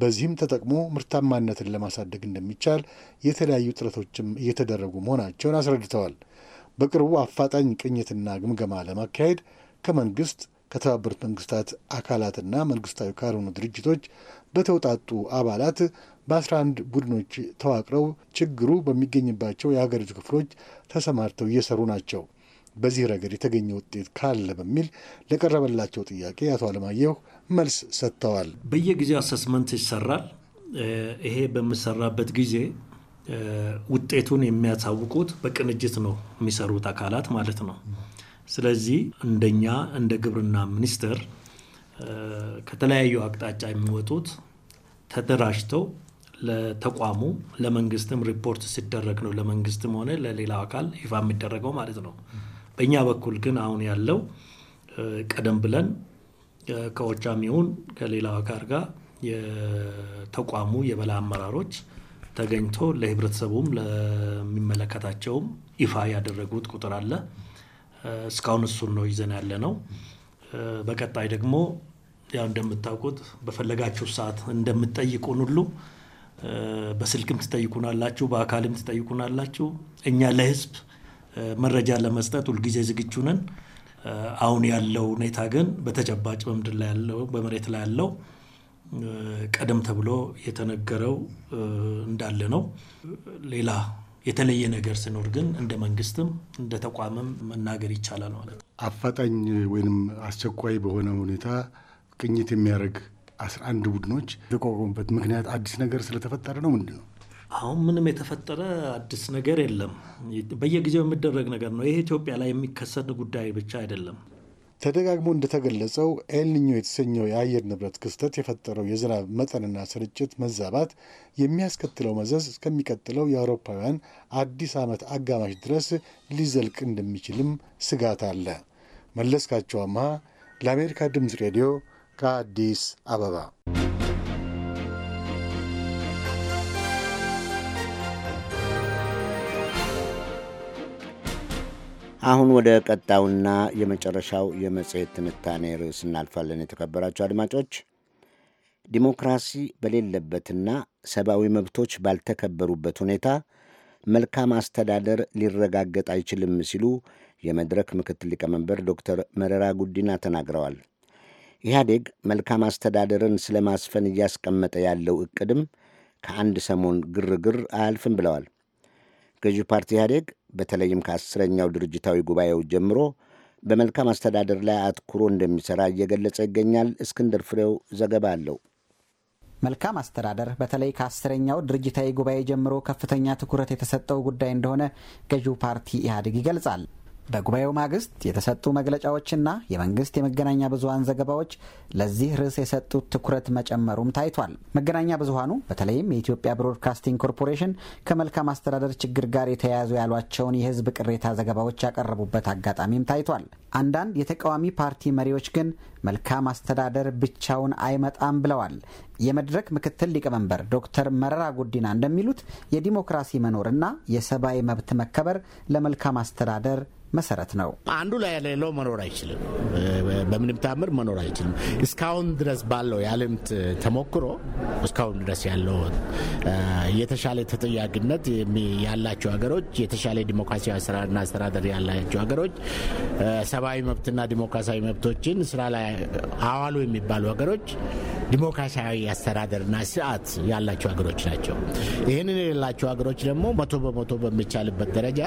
Speaker 8: በዚህም ተጠቅሞ ምርታማነትን ለማሳደግ እንደሚቻል የተለያዩ ጥረቶችም እየተደረጉ መሆናቸውን አስረድተዋል። በቅርቡ አፋጣኝ ቅኝትና ግምገማ ለማካሄድ ከመንግስት ከተባበሩት መንግስታት አካላትና መንግስታዊ ካልሆኑ ድርጅቶች በተውጣጡ አባላት በ11 ቡድኖች ተዋቅረው ችግሩ በሚገኝባቸው የሀገሪቱ ክፍሎች ተሰማርተው እየሰሩ ናቸው። በዚህ ረገድ የተገኘ ውጤት ካለ በሚል ለቀረበላቸው ጥያቄ አቶ አለማየሁ መልስ ሰጥተዋል።
Speaker 7: በየጊዜው አሰስመንት ይሰራል። ይሄ በሚሰራበት ጊዜ ውጤቱን የሚያሳውቁት በቅንጅት ነው የሚሰሩት አካላት ማለት ነው። ስለዚህ እንደኛ እንደ ግብርና ሚኒስቴር ከተለያዩ አቅጣጫ የሚወጡት ተደራጅተው ለተቋሙ ለመንግስትም ሪፖርት ሲደረግ ነው ለመንግስትም ሆነ ለሌላው አካል ይፋ የሚደረገው ማለት ነው። በእኛ በኩል ግን አሁን ያለው ቀደም ብለን ከኦቻም ይሁን ከሌላው አካል ጋር የተቋሙ የበላይ አመራሮች ተገኝቶ ለህብረተሰቡም ለሚመለከታቸውም ይፋ ያደረጉት ቁጥር አለ። እስካሁን እሱን ነው ይዘን ያለ ነው። በቀጣይ ደግሞ ያው እንደምታውቁት በፈለጋችሁ ሰዓት እንደምትጠይቁን ሁሉ በስልክም ትጠይቁናላችሁ፣ በአካልም ትጠይቁናላችሁ። እኛ ለህዝብ መረጃ ለመስጠት ሁልጊዜ ዝግጁ ነን። አሁን ያለው ሁኔታ ግን በተጨባጭ በምድር ላይ ያለው በመሬት ላይ ያለው ቀደም ተብሎ የተነገረው እንዳለ ነው። ሌላ የተለየ ነገር ሲኖር ግን እንደ መንግስትም እንደ ተቋምም መናገር ይቻላል ማለት ነው።
Speaker 8: አፋጣኝ ወይንም አስቸኳይ በሆነ ሁኔታ ቅኝት የሚያደርግ 11 ቡድኖች የተቋቋሙበት ምክንያት አዲስ ነገር ስለተፈጠረ ነው ምንድን ነው?
Speaker 7: አሁን ምንም የተፈጠረ አዲስ ነገር የለም። በየጊዜው የሚደረግ ነገር ነው። ይሄ ኢትዮጵያ ላይ የሚከሰት ጉዳይ ብቻ አይደለም።
Speaker 8: ተደጋግሞ እንደተገለጸው ኤልኒኞ የተሰኘው የአየር ንብረት ክስተት የፈጠረው የዝናብ መጠንና ስርጭት መዛባት የሚያስከትለው መዘዝ እስከሚቀጥለው የአውሮፓውያን አዲስ ዓመት አጋማሽ ድረስ ሊዘልቅ እንደሚችልም ስጋት አለ። መለስካቸው አምሃ ለአሜሪካ ድምፅ ሬዲዮ ከአዲስ አበባ
Speaker 4: አሁን ወደ ቀጣዩና የመጨረሻው የመጽሔት ትንታኔ ርዕስ እናልፋለን። የተከበራቸው አድማጮች፣ ዲሞክራሲ በሌለበትና ሰብአዊ መብቶች ባልተከበሩበት ሁኔታ መልካም አስተዳደር ሊረጋገጥ አይችልም ሲሉ የመድረክ ምክትል ሊቀመንበር ዶክተር መረራ ጉዲና ተናግረዋል። ኢህአዴግ መልካም አስተዳደርን ስለ ማስፈን እያስቀመጠ ያለው እቅድም ከአንድ ሰሞን ግርግር አያልፍም ብለዋል። ገዢው ፓርቲ ኢህአዴግ በተለይም ከአስረኛው ድርጅታዊ ጉባኤው ጀምሮ በመልካም አስተዳደር ላይ አትኩሮ እንደሚሠራ እየገለጸ ይገኛል። እስክንድር ፍሬው ዘገባ አለው።
Speaker 9: መልካም አስተዳደር በተለይ ከአስረኛው ድርጅታዊ ጉባኤ ጀምሮ ከፍተኛ ትኩረት የተሰጠው ጉዳይ እንደሆነ ገዢው ፓርቲ ኢህአዴግ ይገልጻል። በጉባኤው ማግስት የተሰጡ መግለጫዎችና የመንግስት የመገናኛ ብዙሀን ዘገባዎች ለዚህ ርዕስ የሰጡት ትኩረት መጨመሩም ታይቷል። መገናኛ ብዙሀኑ በተለይም የኢትዮጵያ ብሮድካስቲንግ ኮርፖሬሽን ከመልካም አስተዳደር ችግር ጋር የተያያዙ ያሏቸውን የህዝብ ቅሬታ ዘገባዎች ያቀረቡበት አጋጣሚም ታይቷል። አንዳንድ የተቃዋሚ ፓርቲ መሪዎች ግን መልካም አስተዳደር ብቻውን አይመጣም ብለዋል። የመድረክ ምክትል ሊቀመንበር ዶክተር መረራ ጉዲና እንደሚሉት የዲሞክራሲ መኖርና የሰብአዊ መብት መከበር ለመልካም አስተዳደር መሰረት ነው።
Speaker 10: አንዱ ላይ ያለሌለው መኖር አይችልም፣ በምንም ታምር መኖር አይችልም። እስካሁን ድረስ ባለው የዓለምት ተሞክሮ እስካሁን ድረስ ያለው የተሻለ ተጠያቂነት ያላቸው ሀገሮች የተሻለ ዲሞክራሲያዊ ስራና አስተዳደር ያላቸው ሀገሮች ሰብአዊ መብትና ዲሞክራሲያዊ መብቶችን ስራ ላይ አዋሉ የሚባሉ ሀገሮች ዲሞክራሲያዊ አስተዳደርና ስርዓት ያላቸው ሀገሮች ናቸው። ይህንን የሌላቸው ሀገሮች ደግሞ መቶ በመቶ በሚቻልበት ደረጃ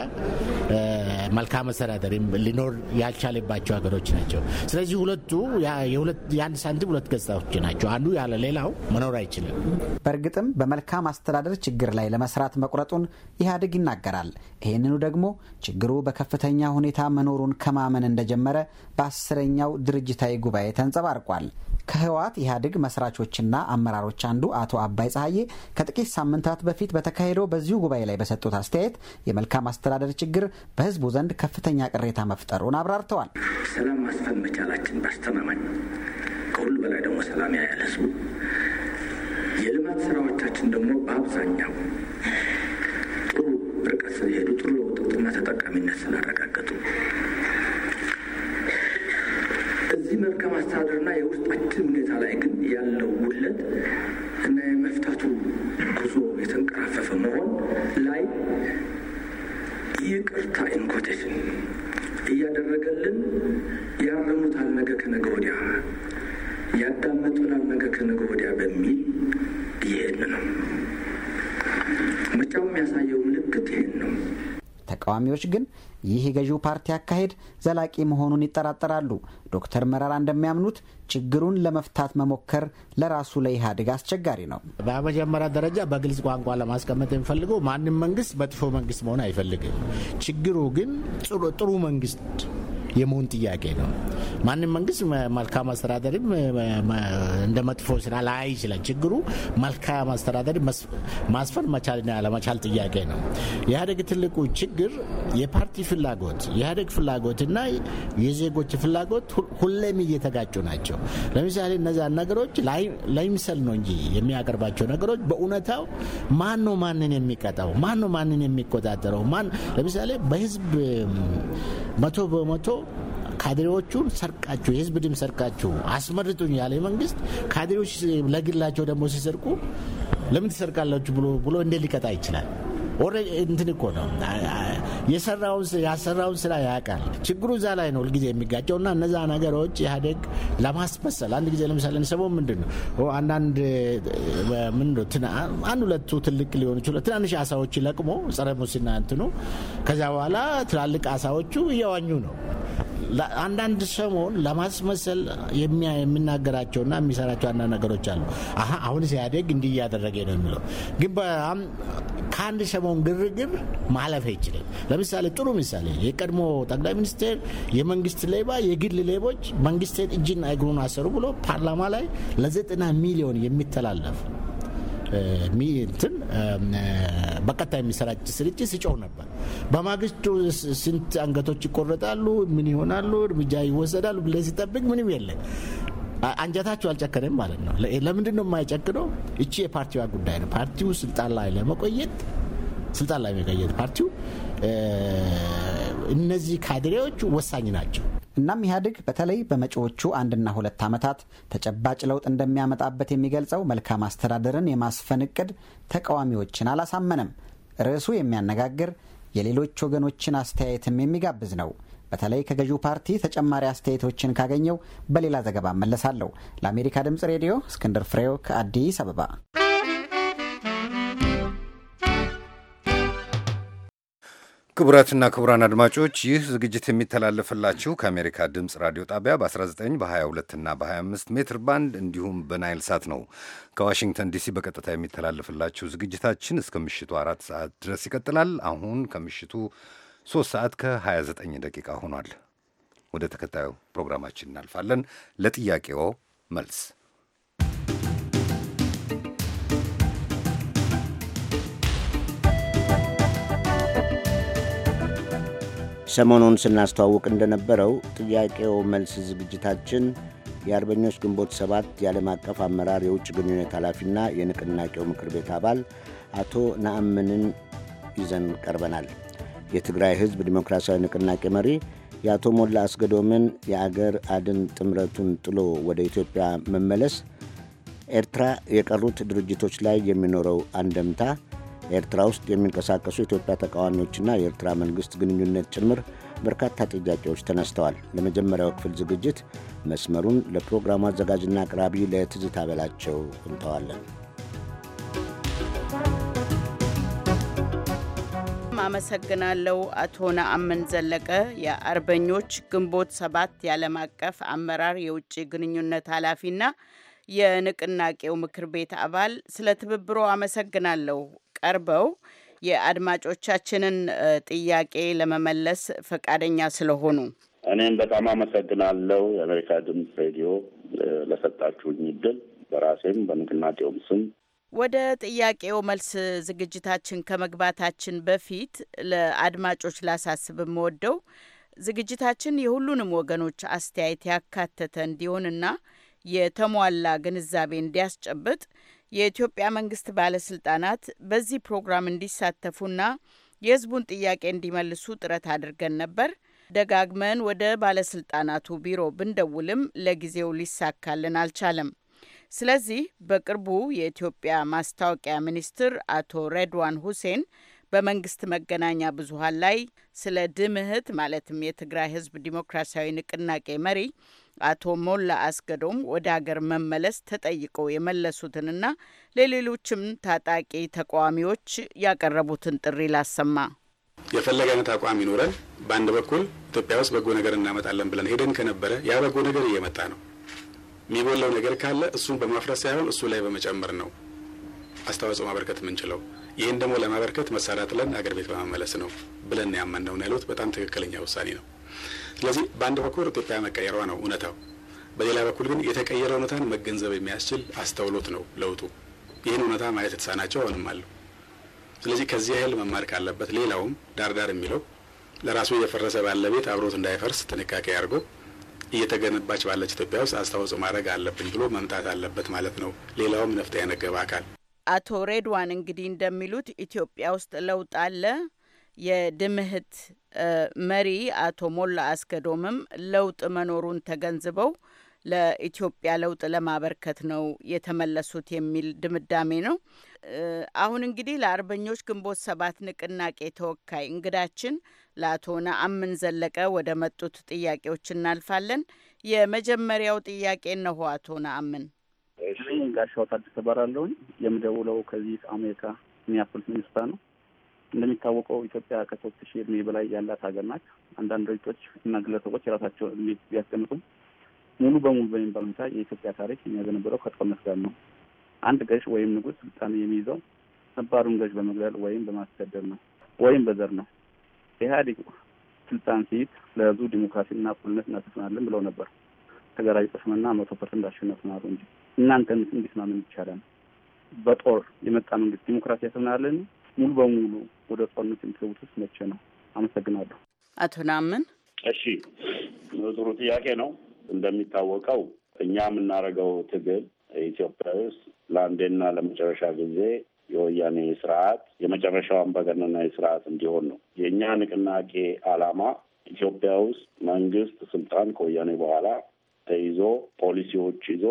Speaker 10: መልካም አስተዳደርም ሊኖር ያልቻለባቸው ሀገሮች
Speaker 9: ናቸው። ስለዚህ ሁለቱ የአንድ ሳንቲም ሁለት ገጽታዎች ናቸው። አንዱ ያለ ሌላው መኖር አይችልም። በእርግጥም በመልካም አስተዳደር ችግር ላይ ለመስራት መቁረጡን ኢህአዴግ ይናገራል። ይህንኑ ደግሞ ችግሩ በከፍተኛ ሁኔታ መኖሩን ከማመን እንደጀመረ በአስረኛው ድርጅታዊ ጉባኤ ተንጸባርቋል። ከህወሓት ኢህአዴግ መስራቾችና አመራሮች አንዱ አቶ አባይ ፀሐዬ ከጥቂት ሳምንታት በፊት በተካሄደው በዚሁ ጉባኤ ላይ በሰጡት አስተያየት የመልካም አስተዳደር ችግር በህዝቡ ዘንድ ከፍተኛ ቅሬታ መፍጠሩን አብራርተዋል።
Speaker 11: ሰላም
Speaker 3: ማስፈን መቻላችን ባስተማማኝ ከሁሉ በላይ ደግሞ ሰላም ያያል ህዝቡ። የልማት ስራዎቻችን ደግሞ በአብዛኛው ጥሩ ርቀት ስለሄዱ ጥሩ ለውጥና ተጠቃሚነት ስላረጋገጡ በዚህ መልካም አስተዳደርና የውስጥ ሁኔታ ላይ ግን ያለው ጉድለት እና የመፍታቱ ጉዞ የተንቀራፈፈ መሆን ላይ
Speaker 7: ይቅርታ ኢንኮቴሽን እያደረገልን ያረሙታል ነገ ከነገ ወዲያ ያዳመጡናል ነገ ከነገ ወዲያ በሚል ይሄን ነው። ምርጫው የሚያሳየው ምልክት ይሄን ነው።
Speaker 9: ተቃዋሚዎች ግን ይህ የገዢው ፓርቲ አካሄድ ዘላቂ መሆኑን ይጠራጠራሉ። ዶክተር መረራ እንደሚያምኑት ችግሩን ለመፍታት መሞከር ለራሱ ለኢህአዴግ አስቸጋሪ ነው። በመጀመሪያ ደረጃ በግልጽ ቋንቋ ለማስቀመጥ የሚፈልገው ማንም መንግስት መጥፎ መንግስት መሆን
Speaker 10: አይፈልግም። ችግሩ ግን ጥሩ መንግስት የመሆን ጥያቄ ነው። ማንም መንግስት መልካም አስተዳደርም እንደ መጥፎ ስራ ላይ ይችላል። ችግሩ መልካም አስተዳደር ማስፈን መቻልና ያለመቻል ጥያቄ ነው። ኢህአዴግ ትልቁ ችግር የፓርቲ ፍላጎት ፍላጎት ፍላጎትና የዜጎች ፍላጎት ሁሌም እየተጋጩ ናቸው። ለምሳሌ እነዚያን ነገሮች ላይምሰል ነው እንጂ የሚያቀርባቸው ነገሮች በእውነታው ማን ነው ማንን የሚቀጣው? ማን ነው ማንን የሚቆጣጠረው? ማን ለምሳሌ በህዝብ መቶ በመቶ ካድሬዎቹን ሰርቃችሁ የህዝብ ድምፅ ሰርቃችሁ አስመርጡኝ ያለ መንግስት ካድሬዎች ለግላቸው ደግሞ ሲሰርቁ ለምን ትሰርቃላችሁ ብሎ ብሎ እንዴት ሊቀጣ ይችላል? ኦልሬዲ እንትን እኮ ነው የሰራውን ያሰራውን ስራ ያውቃል። ችግሩ እዛ ላይ ነው ሁልጊዜ የሚጋጨው እና እነዛ ነገሮች ኢህአዴግ ለማስመሰል አንድ ጊዜ ለምሳሌ ሰሞን ምንድን ነው አንዳንድ ምን አንድ ሁለቱ ትልቅ ሊሆኑ ይችላል ትናንሽ አሳዎች ለቅሞ ጸረ ሙስና እንትኑ ከዚያ በኋላ ትላልቅ አሳዎቹ እየዋኙ ነው። አንዳንድ ሰሞን ለማስመሰል የሚናገራቸውና የሚሰራቸው አንዳንድ ነገሮች አሉ። አሁን ኢህአዴግ እንዲህ እያደረገ ነው የሚለው ግን በጣም ከአንድ ሰሞን የቀደመውን ግርግር ማለፍ አይችልም። ለምሳሌ ጥሩ ምሳሌ የቀድሞ ጠቅላይ ሚኒስቴር የመንግስት ሌባ የግል ሌቦች መንግስትን እጅና እግሩን አሰሩ ብሎ ፓርላማ ላይ ለዘጠና ሚሊዮን የሚተላለፍ እንትን የሚሰራጭ ስርጭት ሲጮው ነበር። በማግስቱ ስንት አንገቶች ይቆረጣሉ፣ ምን ይሆናሉ፣ እርምጃ ይወሰዳሉ ብለህ ሲጠብቅ ምንም የለም። አንጀታቸው አልጨከንም ማለት ነው። ለምንድን ነው የማይጨክነው? እቺ የፓርቲዋ ጉዳይ ነው። ፓርቲው ስልጣን ላይ ለመቆየት ስልጣን ላይ መቀየጥ ፓርቲው
Speaker 9: እነዚህ ካድሬዎች ወሳኝ ናቸው። እናም ኢህአዴግ በተለይ በመጪዎቹ አንድና ሁለት ዓመታት ተጨባጭ ለውጥ እንደሚያመጣበት የሚገልጸው መልካም አስተዳደርን የማስፈን እቅድ ተቃዋሚዎችን አላሳመነም። ርዕሱ የሚያነጋግር የሌሎች ወገኖችን አስተያየትም የሚጋብዝ ነው። በተለይ ከገዢው ፓርቲ ተጨማሪ አስተያየቶችን ካገኘው በሌላ ዘገባ መለሳለሁ። ለአሜሪካ ድምፅ ሬዲዮ እስክንድር ፍሬው ከአዲስ አበባ
Speaker 1: ክቡራትና ክቡራን አድማጮች ይህ ዝግጅት የሚተላለፍላችሁ ከአሜሪካ ድምፅ ራዲዮ ጣቢያ በ19 በ22 እና በ25 ሜትር ባንድ እንዲሁም በናይል ሳት ነው። ከዋሽንግተን ዲሲ በቀጥታ የሚተላለፍላችሁ ዝግጅታችን እስከ ምሽቱ አራት ሰዓት ድረስ ይቀጥላል። አሁን ከምሽቱ 3 ሰዓት ከ29 ደቂቃ ሆኗል። ወደ ተከታዩ ፕሮግራማችን እናልፋለን። ለጥያቄዎ መልስ
Speaker 4: ሰሞኑን ስናስተዋውቅ እንደነበረው ጥያቄው መልስ ዝግጅታችን የአርበኞች ግንቦት ሰባት የዓለም አቀፍ አመራር የውጭ ግንኙነት ኃላፊና የንቅናቄው ምክር ቤት አባል አቶ ነአምንን ይዘን ቀርበናል። የትግራይ ሕዝብ ዲሞክራሲያዊ ንቅናቄ መሪ የአቶ ሞላ አስገዶምን የአገር አድን ጥምረቱን ጥሎ ወደ ኢትዮጵያ መመለስ፣ ኤርትራ የቀሩት ድርጅቶች ላይ የሚኖረው አንደምታ ኤርትራ ውስጥ የሚንቀሳቀሱ የኢትዮጵያ ተቃዋሚዎችና የኤርትራ መንግሥት ግንኙነት ጭምር በርካታ ጥያቄዎች ተነስተዋል። ለመጀመሪያው ክፍል ዝግጅት መስመሩን ለፕሮግራሙ አዘጋጅና አቅራቢ ለትዝታ በላቸው እንተዋለን።
Speaker 12: አመሰግናለሁ። አቶ ነአምን ዘለቀ የአርበኞች ግንቦት ሰባት የዓለም አቀፍ አመራር የውጭ ግንኙነት ኃላፊና የንቅናቄው ምክር ቤት አባል ስለ ትብብሮ አመሰግናለሁ። ቀርበው የአድማጮቻችንን ጥያቄ ለመመለስ ፈቃደኛ ስለሆኑ
Speaker 6: እኔም በጣም አመሰግናለሁ። የአሜሪካ ድምፅ ሬዲዮ ለሰጣችሁኝ እድል በራሴም በንቅናቄውም ስም
Speaker 12: ወደ ጥያቄው መልስ ዝግጅታችን ከመግባታችን በፊት ለአድማጮች ላሳስብ የምወደው ዝግጅታችን የሁሉንም ወገኖች አስተያየት ያካተተ እንዲሆንና የተሟላ ግንዛቤ እንዲያስጨብጥ የኢትዮጵያ መንግስት ባለስልጣናት በዚህ ፕሮግራም እንዲሳተፉና የህዝቡን ጥያቄ እንዲመልሱ ጥረት አድርገን ነበር። ደጋግመን ወደ ባለስልጣናቱ ቢሮ ብንደውልም ለጊዜው ሊሳካልን አልቻለም። ስለዚህ በቅርቡ የኢትዮጵያ ማስታወቂያ ሚኒስትር አቶ ሬድዋን ሁሴን በመንግስት መገናኛ ብዙሀን ላይ ስለ ድምህት ማለትም የትግራይ ህዝብ ዲሞክራሲያዊ ንቅናቄ መሪ አቶ ሞላ አስገዶም ወደ አገር መመለስ ተጠይቀው የመለሱትንና ለሌሎችም ታጣቂ ተቃዋሚዎች ያቀረቡትን ጥሪ ላሰማ።
Speaker 8: የፈለገ አይነት አቋም ይኖረን፣ በአንድ በኩል ኢትዮጵያ ውስጥ በጎ ነገር እናመጣለን ብለን ሄደን ከነበረ ያ በጎ ነገር እየመጣ ነው። የሚጎለው ነገር ካለ እሱን በማፍረስ ሳይሆን እሱ ላይ በመጨመር ነው አስተዋጽኦ ማበርከት የምንችለው። ይህን ደግሞ ለማበርከት መሳሪያ ጥለን አገር ቤት በመመለስ ነው ብለን ያመን ነው ያሉት። በጣም ትክክለኛ ውሳኔ ነው። ስለዚህ በአንድ በኩል ኢትዮጵያ መቀየሯ ነው እውነታው። በሌላ በኩል ግን የተቀየረ እውነታን መገንዘብ የሚያስችል አስተውሎት ነው ለውጡ። ይህን እውነታ ማየት የተሳናቸው አሁንም አሉ። ስለዚህ ከዚህ ያህል መማር ካለበት ሌላውም ዳርዳር የሚለው ለራሱ እየፈረሰ ባለ ቤት አብሮት እንዳይፈርስ ጥንቃቄ አድርጎ እየተገነባች ባለች ኢትዮጵያ ውስጥ አስተዋጽኦ ማድረግ አለብኝ ብሎ መምጣት አለበት ማለት ነው። ሌላውም ነፍጥ ያነገበ አካል
Speaker 12: አቶ ሬድዋን እንግዲህ እንደሚሉት ኢትዮጵያ ውስጥ ለውጥ አለ የድምህት መሪ አቶ ሞላ አስገዶምም ለውጥ መኖሩን ተገንዝበው ለኢትዮጵያ ለውጥ ለማበርከት ነው የተመለሱት የሚል ድምዳሜ ነው። አሁን እንግዲህ ለአርበኞች ግንቦት ሰባት ንቅናቄ ተወካይ እንግዳችን ለአቶ ነአምን ዘለቀ ወደ መጡት ጥያቄዎች እናልፋለን። የመጀመሪያው ጥያቄ ነሆ አቶ ነአምን።
Speaker 6: እሺ፣ ጋሻው ታደሰ የምደውለው ከዚህ አሜሪካ ሚኒያፖሊስ ሚኒስታ ነው። እንደሚታወቀው ኢትዮጵያ ከሶስት ሺህ እድሜ በላይ ያላት ሀገር ናት። አንዳንድ ድርጅቶች እና ግለሰቦች የራሳቸውን እድሜ ቢያስቀምጡም ሙሉ በሙሉ በሚባል ሁኔታ የኢትዮጵያ ታሪክ የሚያዘነብረው ከጦርነት ጋር ነው። አንድ ገዥ ወይም ንጉሥ ስልጣን የሚይዘው ነባሩን ገዥ በመግደል ወይም በማስገደል ነው ወይም በዘር ነው። ኢህአዴግ ስልጣን ሲይዝ ለህዝቡ ዲሞክራሲና እኩልነት እናሰፍናለን ብለው ነበር። ተገራጅ ጥስምና መቶ ፐርሰንት አሸነፍ ማሩ እንጂ እናንተ እንዲስማምን ይቻላል። በጦር የመጣ መንግስት ዲሞክራሲ ያሰፍናለን ሙሉ በሙሉ ወደ ጦርነት የሚገቡት ውስጥ መቼ ነው? አመሰግናለሁ።
Speaker 12: አቶ ናምን። እሺ ጥሩ ጥያቄ ነው።
Speaker 6: እንደሚታወቀው እኛ የምናደርገው ትግል ኢትዮጵያ ውስጥ ለአንዴና ለመጨረሻ ጊዜ የወያኔ ስርዓት የመጨረሻውን በገነናዊ ስርዓት እንዲሆን ነው የእኛ ንቅናቄ አላማ ኢትዮጵያ ውስጥ መንግስት ስልጣን ከወያኔ በኋላ ተይዞ ፖሊሲዎች ይዞ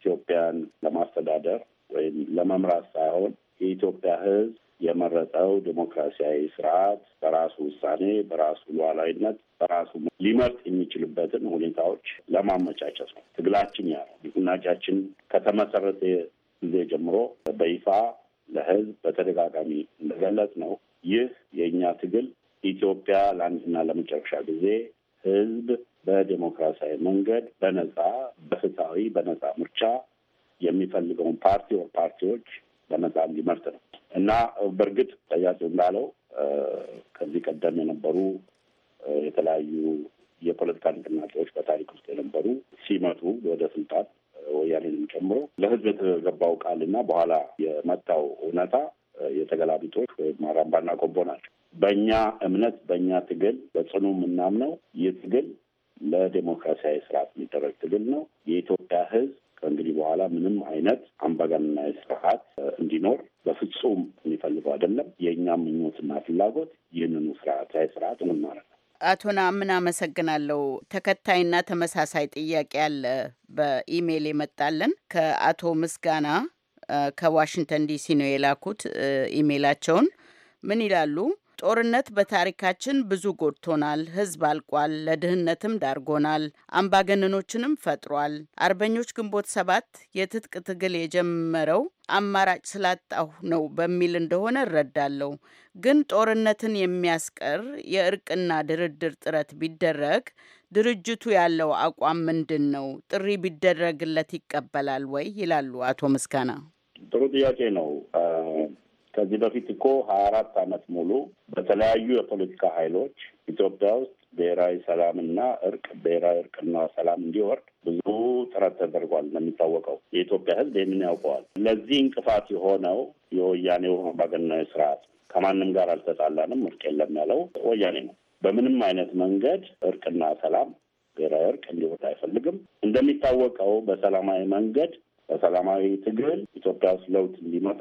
Speaker 6: ኢትዮጵያን ለማስተዳደር ወይም ለመምራት ሳይሆን የኢትዮጵያ ሕዝብ የመረጠው ዴሞክራሲያዊ ስርዓት በራሱ ውሳኔ፣ በራሱ ሉዓላዊነት፣ በራሱ ሊመርጥ የሚችልበትን ሁኔታዎች ለማመቻቸት ነው። ትግላችን ያ ንቅናቄያችን ከተመሰረተ ጊዜ ጀምሮ በይፋ ለህዝብ በተደጋጋሚ እንደገለጽ ነው። ይህ የእኛ ትግል ኢትዮጵያ ለአንድና ለመጨረሻ ጊዜ ህዝብ በዴሞክራሲያዊ መንገድ በነጻ በፍትሐዊ በነጻ ምርጫ የሚፈልገውን ፓርቲ ወር ፓርቲዎች ለነጻ እንዲመርጥ ነው እና በእርግጥ ጠያቂው እንዳለው ከዚህ ቀደም የነበሩ የተለያዩ የፖለቲካ ንቅናቄዎች በታሪክ ውስጥ የነበሩ ሲመጡ ወደ ስልጣን ወያኔንም ጨምሮ ለህዝብ የተገባው ቃልና በኋላ የመጣው እውነታ የተገላቢጦች ወይም አራምባና ቆቦ ናቸው። በእኛ እምነት በእኛ ትግል በጽኑ የምናምነው ይህ ትግል ለዴሞክራሲያዊ ስርዓት የሚደረግ ትግል ነው። የኢትዮጵያ ህዝብ ከእንግዲህ በኋላ ምንም አይነት አምባገነናዊ ስርዓት እንዲኖር በፍጹም የሚፈልገው አይደለም። የእኛም ምኞትና ፍላጎት ይህንኑ ስርዓት ላይ ስርዓት ምን
Speaker 12: አቶ ናምን አመሰግናለሁ። ተከታይና ተመሳሳይ ጥያቄ አለ በኢሜይል የመጣልን ከአቶ ምስጋና ከዋሽንግተን ዲሲ ነው የላኩት ኢሜይላቸውን ምን ይላሉ? ጦርነት በታሪካችን ብዙ ጎድቶናል። ህዝብ አልቋል። ለድህነትም ዳርጎናል። አምባገነኖችንም ፈጥሯል። አርበኞች ግንቦት ሰባት የትጥቅ ትግል የጀመረው አማራጭ ስላጣሁ ነው በሚል እንደሆነ እረዳለሁ። ግን ጦርነትን የሚያስቀር የእርቅና ድርድር ጥረት ቢደረግ ድርጅቱ ያለው አቋም ምንድን ነው? ጥሪ ቢደረግለት ይቀበላል ወይ? ይላሉ አቶ ምስጋና።
Speaker 6: ጥሩ ጥያቄ ነው። ከዚህ በፊት እኮ ሀያ አራት አመት ሙሉ በተለያዩ የፖለቲካ ኃይሎች ኢትዮጵያ ውስጥ ብሔራዊ ሰላምና እርቅ ብሔራዊ እርቅና ሰላም እንዲወርድ ብዙ ጥረት ተደርጓል። እንደሚታወቀው የኢትዮጵያ ሕዝብ ይህንን ያውቀዋል። ለዚህ እንቅፋት የሆነው የወያኔው አምባገነናዊ ስርዓት ከማንም ጋር አልተጣላንም፣ እርቅ የለም ያለው ወያኔ ነው። በምንም አይነት መንገድ እርቅና ሰላም ብሔራዊ እርቅ እንዲወርድ አይፈልግም። እንደሚታወቀው በሰላማዊ መንገድ በሰላማዊ ትግል ኢትዮጵያ ውስጥ ለውጥ እንዲመጣ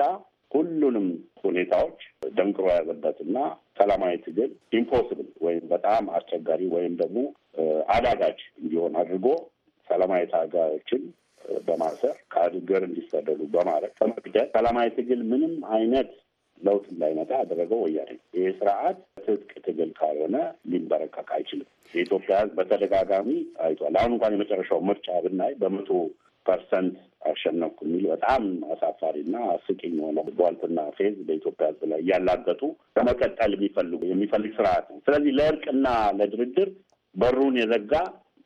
Speaker 6: ሁሉንም ሁኔታዎች ደንቅሮ ያዘበት እና ሰላማዊ ትግል ኢምፖስብል ወይም በጣም አስቸጋሪ ወይም ደግሞ አዳጋጅ እንዲሆን አድርጎ ሰላማዊ ታጋዮችን በማሰር ከአገር እንዲሰደዱ በማድረግ በመግደል ሰላማዊ ትግል ምንም አይነት ለውጥ እንዳይመጣ ያደረገው ወያኔ። ይህ ስርዓት ትጥቅ ትግል ካልሆነ ሊንበረከክ አይችልም። የኢትዮጵያ ሕዝብ በተደጋጋሚ አይቷል። አሁን እንኳን የመጨረሻው ምርጫ ብናይ በመቶ ፐርሰንት አሸነፍኩ የሚል በጣም አሳፋሪና አስቂኝ የሆነ ቧልትና ፌዝ በኢትዮጵያ ሕዝብ ላይ እያላገጡ ለመቀጠል የሚፈልጉ የሚፈልግ ስርዓት ነው። ስለዚህ ለእርቅና ለድርድር በሩን የዘጋ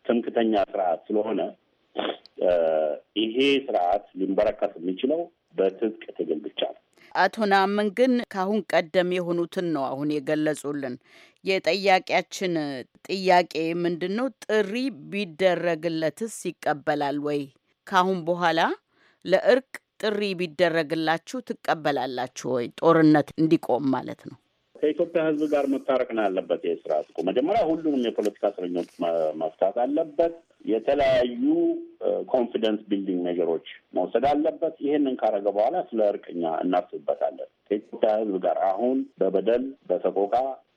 Speaker 6: ትምክተኛ ስርዓት ስለሆነ ይሄ ስርዓት ሊንበረከት የሚችለው በትጥቅ ትግል ብቻ ነው።
Speaker 12: አቶ ናምን ግን ከአሁን ቀደም የሆኑትን ነው አሁን የገለጹልን። የጠያቂያችን ጥያቄ ምንድን ነው? ጥሪ ቢደረግለትስ ይቀበላል ወይ? ከአሁን በኋላ ለእርቅ ጥሪ ቢደረግላችሁ ትቀበላላችሁ ወይ? ጦርነት እንዲቆም ማለት ነው።
Speaker 6: ከኢትዮጵያ ሕዝብ ጋር መታረቅ ነው ያለበት። ይህ ስርዓት እኮ መጀመሪያ ሁሉንም የፖለቲካ እስረኞች መፍታት አለበት። የተለያዩ ኮንፊደንስ ቢልዲንግ ነገሮች መውሰድ አለበት። ይህንን ካረገ በኋላ ስለ እርቅኛ እናስብበታለን። ከኢትዮጵያ ሕዝብ ጋር አሁን በበደል በሰቆቃ